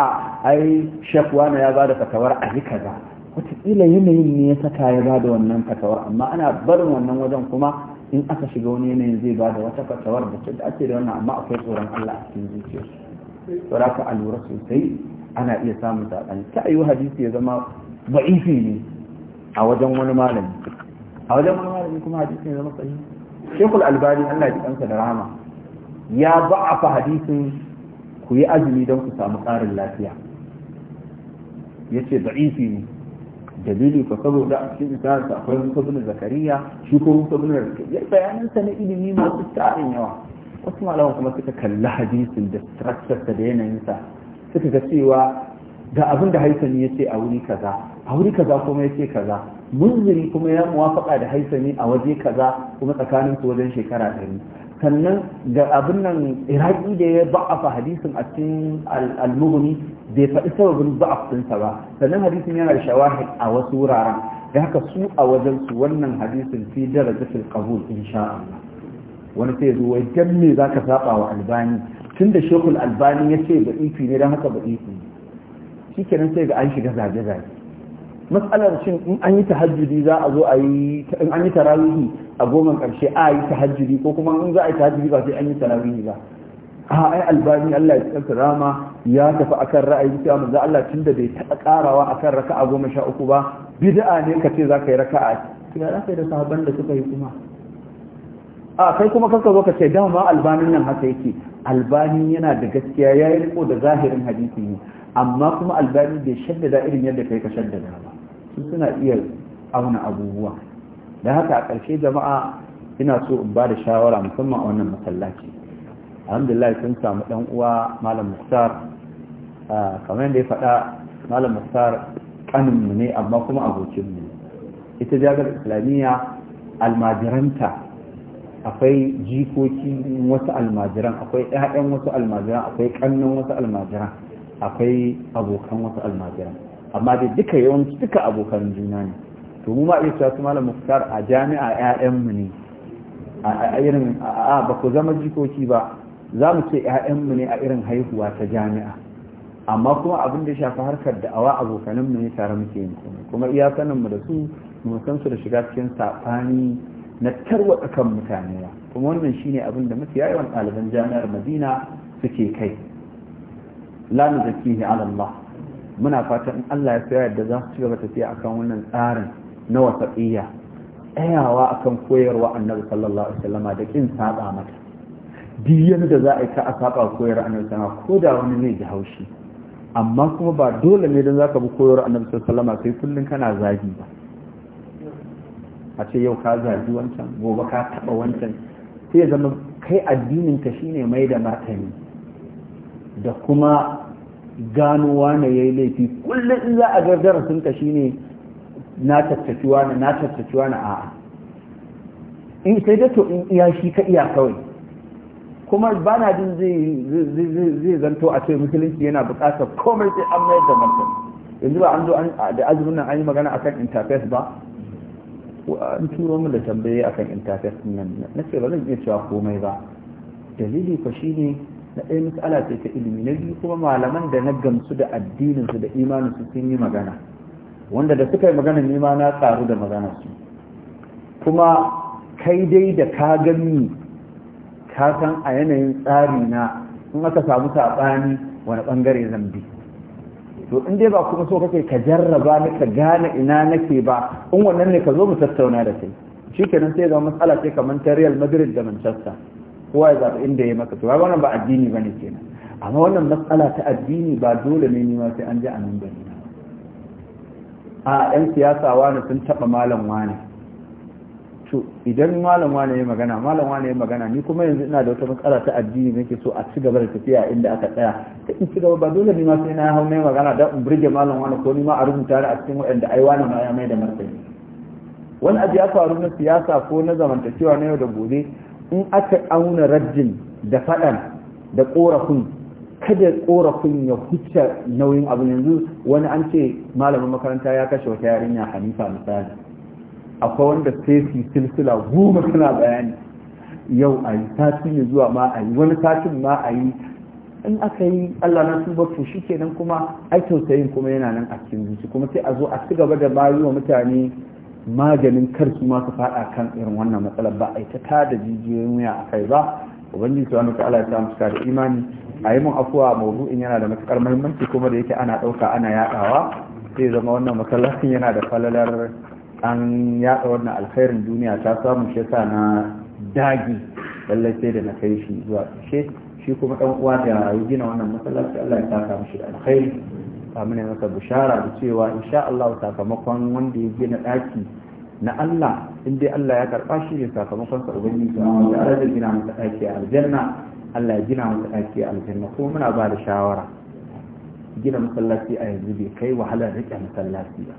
ai shek wani ya bada fatawar a yi kaza wataƙila yanayin ne ya saka ya bada wannan fatawar amma ana barin wannan wajen kuma in aka shiga wani yanayin zai bada wata fatawar da ta dace da wannan amma akwai tsoron Allah a cikin zuciyarsu to da ka alura sosai ana iya samun saɓani ta ayi hadisi ya zama ba'ifi ne a wajen wani malami a wajen wani malami kuma hadisi ne zama sahihi shekul albani Allah ya ji kansa da rahama ya ba'afa hadisin ku yi azumi don ku samu ƙarin lafiya yace ce da'ifi ne dalili ko saboda a cikin ta akwai musa bin zakariya shi ko musa bin zakariya sa na ilimi masu tarin yawa wasu malaman kuma suka kalli hadisin da structure da yanayin sa suka ga cewa ga abin da haisani ya ce a wuri kaza a wuri kaza kuma ya ce kaza munziri kuma ya muwafaka da haisani a waje kaza kuma tsakanin su wajen shekara ɗari sannan ga abin nan iraki da ya ba'afa hadisin a cikin al-mughni bai faɗi sababin ba'af ɗinsa ba sannan hadisin yana da shawahid a wasu wuraren da haka su a wajen su wannan hadisin fi darajatul qabul insha Allah wani sai zuwa wai dan me zaka saba wa albani tunda shekul albani yace ba ifi ne dan haka ba ifi shikenan sai ga an shiga zage zage matsalar shin in an yi tahajjudi za a zo a yi in an yi tarawihi a goma karshe a yi tahajjudi ko kuma in za a yi tahajjudi ba sai an yi tarawihi ba a ai albani Allah ya tsaka rama ya tafi akan ra'ayi cewa manzo Allah tunda bai taɓa karawa akan raka'a goma sha uku ba bid'a ne ka ce za ka yi raka'a ya za ka yi da sahabban da suka yi kuma a kai kuma kanka zo ka ce dama albanin nan haka yake albani yana da gaskiya ya yi riko da zahirin hadisi ne amma kuma albani bai shaddada irin yadda kai ka shaddada ba su suna iya auna abubuwa da haka a ƙarshe jama'a ina so in ba da shawara musamman a wannan masallaci alhamdulillah sun samu ɗan uwa malam mustar ah, kamar yadda ya faɗa malam mustar kaninmu ne amma kuma abokinmu ita jagar islamiyya almajiranta akwai jikoki wasu almajiran akwai ƴaƴan wasu almajiran akwai ƙannan wasu almajiran akwai abokan wasu almajiran amma dai duka yawanci duka abokan juna ne to mu ma iya cewa su malam muktar a jami'a ƴaƴanmu ne a irin a ba ku zama jikoki ba za mu ce mu ne a irin haihuwa ta jami'a amma kuma abin da ya shafi harkar da awa abokanin mu ne tare muke yin komai kuma iya sanin mu da su mu san su da shiga cikin saɓani na tarwatsa kan mutane ba kuma wannan shine abin da mafi yawan ɗaliban jami'ar madina suke kai la nuzakihi ala Allah muna fatan in Allah ya sayar da za su ci gaba tafiya akan wannan tsarin na wasaɗiyya tsayawa akan koyarwa annabi sallallahu alaihi wasallam da kin saba mata duk da za a yi ka a saba koyarwa annabi sallallahu ko da wani ne da haushi amma kuma ba dole ne don zaka bi koyarwa annabi sallallahu alaihi wasallam sai kullun kana zagi ba a ce yau ka zagi wancan gobe ka taba wancan sai zama kai addinin ka shine mai da martani da kuma gano wane ya yi laifi kullum in za a ga darasin ka shine na tattaci wane na tattaci wane a'a in sai da to in iya shi ka iya kawai kuma ba na jin zai zanto a ce musulunci yana buƙatar komai sai an mayar da martani yanzu ba an zo da azumin nan an yi magana akan interface ba an turo mu da tambaye akan interface nan na ce ba zan iya cewa komai ba dalili ko shine na ɗaya mis'ala ce ta ilimi na biyu kuma malaman da na gamsu da addininsu da imaninsu sun yi magana wanda da suka yi magana ma na tsaru da su kuma kai dai da ka gani ka san a yanayin tsari na in aka samu saɓani wani ɓangare zan bi to in dai ba kuma so kake ka jarraba ni ka gane ina nake ba in wannan ne ka zo mu tattauna da kai shikenan sai ga matsala ce kamar ta Real Madrid da Manchester kowa ya zaɓi inda ya maka to ba wannan ba addini ba ne kenan amma wannan matsala ta addini ba dole ne ni ma sai an ji a nan bane a yan siyasa wani sun taɓa malam wani to idan malam wani ya magana malam wani ya magana ni kuma yanzu ina da wata matsala ta addini nake so a ci gaba da tafiya inda aka tsaya ta in ci gaba ba dole ne ma sai na hau mai magana don in burge malam wani ko ni ma a rubuta ni a cikin waɗanda ai wani ma ya mai da martani wani abu ya faru na siyasa ko na zamantakewa na yau da gobe in aka auna rajin da faɗan da ƙorafin kada ƙorafin ya huce nauyin abu yanzu wani an ce malamin makaranta ya kashe wata yarinya hanifa misali akwai wanda sai silsila goma suna bayani yau a yi sati ya zuwa ma a yi wani satin ma a yi in aka yi Allah na su to shi kenan kuma ai tausayin kuma yana nan a cikin zuci kuma sai a zo a ci gaba da bayuwa mutane maganin kar masu ma su faɗa kan irin wannan matsalar ba a yi ta tada jijiyoyin wuya a kai ba ubangiji wani ta'ala ya samu suka da imani a yi mun afuwa in yana da matukar muhimmanci kuma da yake ana ɗauka ana yaɗawa sai zama wannan masallacin yana da falalar an yaɗa wannan alkhairin duniya ta samu shi yasa na dagi lallai sai da na kai shi zuwa ƙarshe shi kuma ɗan uwa da ya gina wannan masallaci Allah ya saka mishi da alkhairi muna masa bishara da cewa insha Allah sakamakon wanda ya gina daki na Allah in dai Allah ya karba shi ne sakamakon sa ubangiji subhanahu wa da gina masa daki a aljanna Allah ya gina masa daki a aljanna ko muna ba da shawara gina masallaci a yanzu bai kai wahalar rike masallaci ba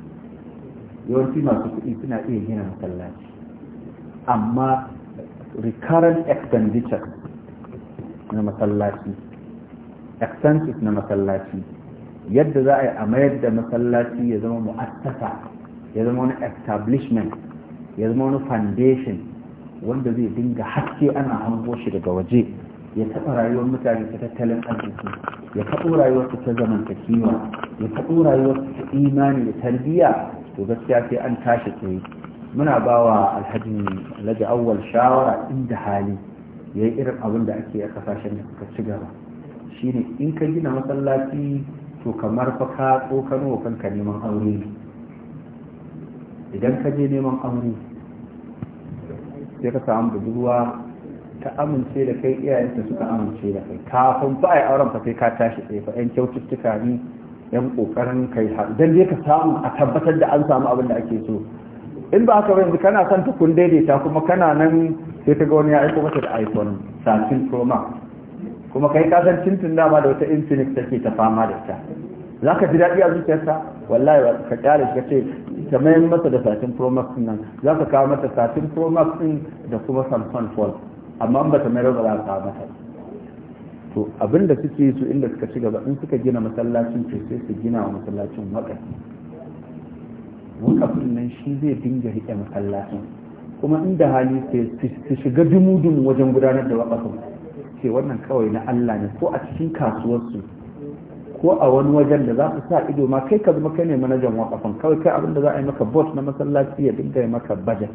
yawanci masu kuɗi suna iya gina masallaci amma recurrent expenditure na masallaci expenses na masallaci yadda za a yi a mayar da masallaci ya zama mu'assasa ya zama wani establishment ya zama wani foundation wanda zai dinga haske ana hango shi daga waje ya taɓa rayuwar mutane ta tattalin arziki ya rayuwar rayuwarsu ta zamantakewa ya rayuwar rayuwarsu ta imani da tarbiyya to gaskiya sai an tashi tsaye muna ba wa alhaji alhaji awwal shawara inda hali ya yi irin abin da ake a ƙasashen da suka ci gaba shine in ka gina masallaci to kamar fa ka tsokano wa kanka neman aure ne idan ka je neman aure sai ka samu budurwa ta amince da kai iyayenta suka amince da kai kafin ba a yi auren fa sai ka tashi tsaye fa 'yan kyaututtuka ne yan kokarin kai har dan dai ka samu a tabbatar da an samu abin da ake so in ba haka ba yanzu kana son tukun daidaita kuma kana nan sai ka ga wani ya aiko mata da iPhone 13 Pro Max kuma kai ka san tintin dama da wata infinite take ta fama da ita za ka ji daɗi a zuciyarsa wallahi ka kyale shi ka ce ka mayan masa da satin pro max nan za ka kawo mata satin pro max ɗin da kuma samson fall amma ba ta mayar ba za ka kawo mata to abin da suke su inda suka ci gaba in suka gina masallacin ce sai su gina wa masallacin wakafi wakafin nan shi zai dinga riƙe masallacin kuma inda hali sai su shiga dumudun wajen gudanar da wakafin ce wannan kawai na Allah ne ko a cikin kasuwarsu ko a wani wajen da za su sa ido ma kai ka zama kai ne manajan wakafan kawai kai abin da za a yi maka bot na masallaci ya dinga yi maka budget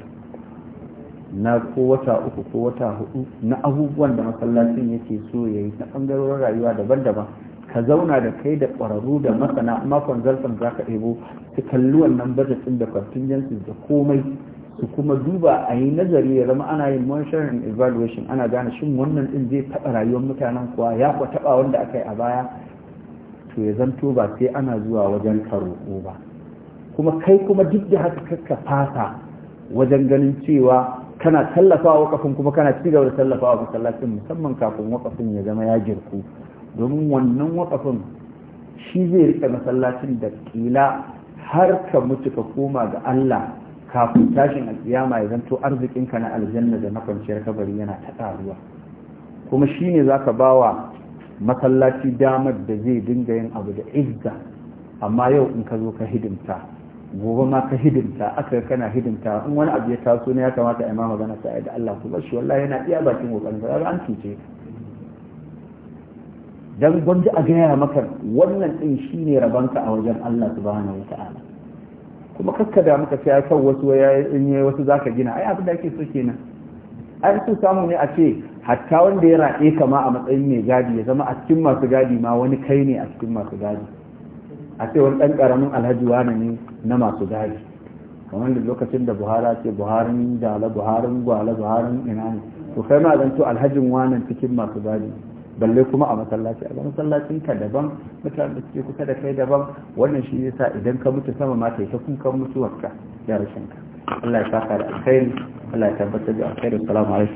na ko wata uku ko wata hudu na abubuwan da masallacin yake so ya yi na bangarorin rayuwa daban-daban ka zauna da kai da ƙwararru da masana amma consultant za ka ɗebo su kalli wannan budget ɗin da contingencies da komai su kuma duba a yi nazari ya zama ana yin monitoring and evaluation ana gane shin wannan din zai taɓa rayuwar mutanen kuwa ya kuwa taba wanda aka yi a baya to ya zanto ba sai ana zuwa wajen karoko ba kuma kai kuma duk da haka kakka fata wajen ganin cewa kana tallafawa wakafin kuma kana ci gaba da tallafawa masallacin musamman kafin wakafin ya zama ya girku domin wannan wakafin shi zai rike masallacin da kila har ka mutu ka koma ga Allah kafin tashin alkiyama ya zanto arzikinka na aljanna da na kwanciyar kabari yana ta ƙaruwa kuma shine zaka ba wa masallaci damar da zai dinga yin abu da izza amma yau in ka zo ka hidimta gobe ma ka hidimta aka kana hidimta in wani abu ya taso ne ya kamata a yi ma magana da Allah ku shi wallahi yana iya bakin kokarin sa an cuce dan gwanda a gaya maka wannan din shine rabanka a wajen Allah subhanahu wataala kuma kakka da muka sai kan wasu in yi wasu zaka gina ai abin da ake so kenan ai su samu ne a ce hatta wanda ya raɗe kama a matsayin mai gadi ya zama a cikin masu gadi ma wani kai ne a cikin masu gadi a ce wani ɗan ƙaramin alhaji wani ne na masu gadi kamar da lokacin da buhari ce buharin gala buharin gwala buharin ina ne to kai ma zan to alhajin wanan cikin masu gadi balle kuma a masallaci a masallacin ka daban mutane da suke kusa da kai daban wannan shi yasa idan ka mutu sama ma kai ta mutuwar mutuwarka da rashin ka Allah ya saka da alkhairi Allah ya tabbatar da alkhairi assalamu alaikum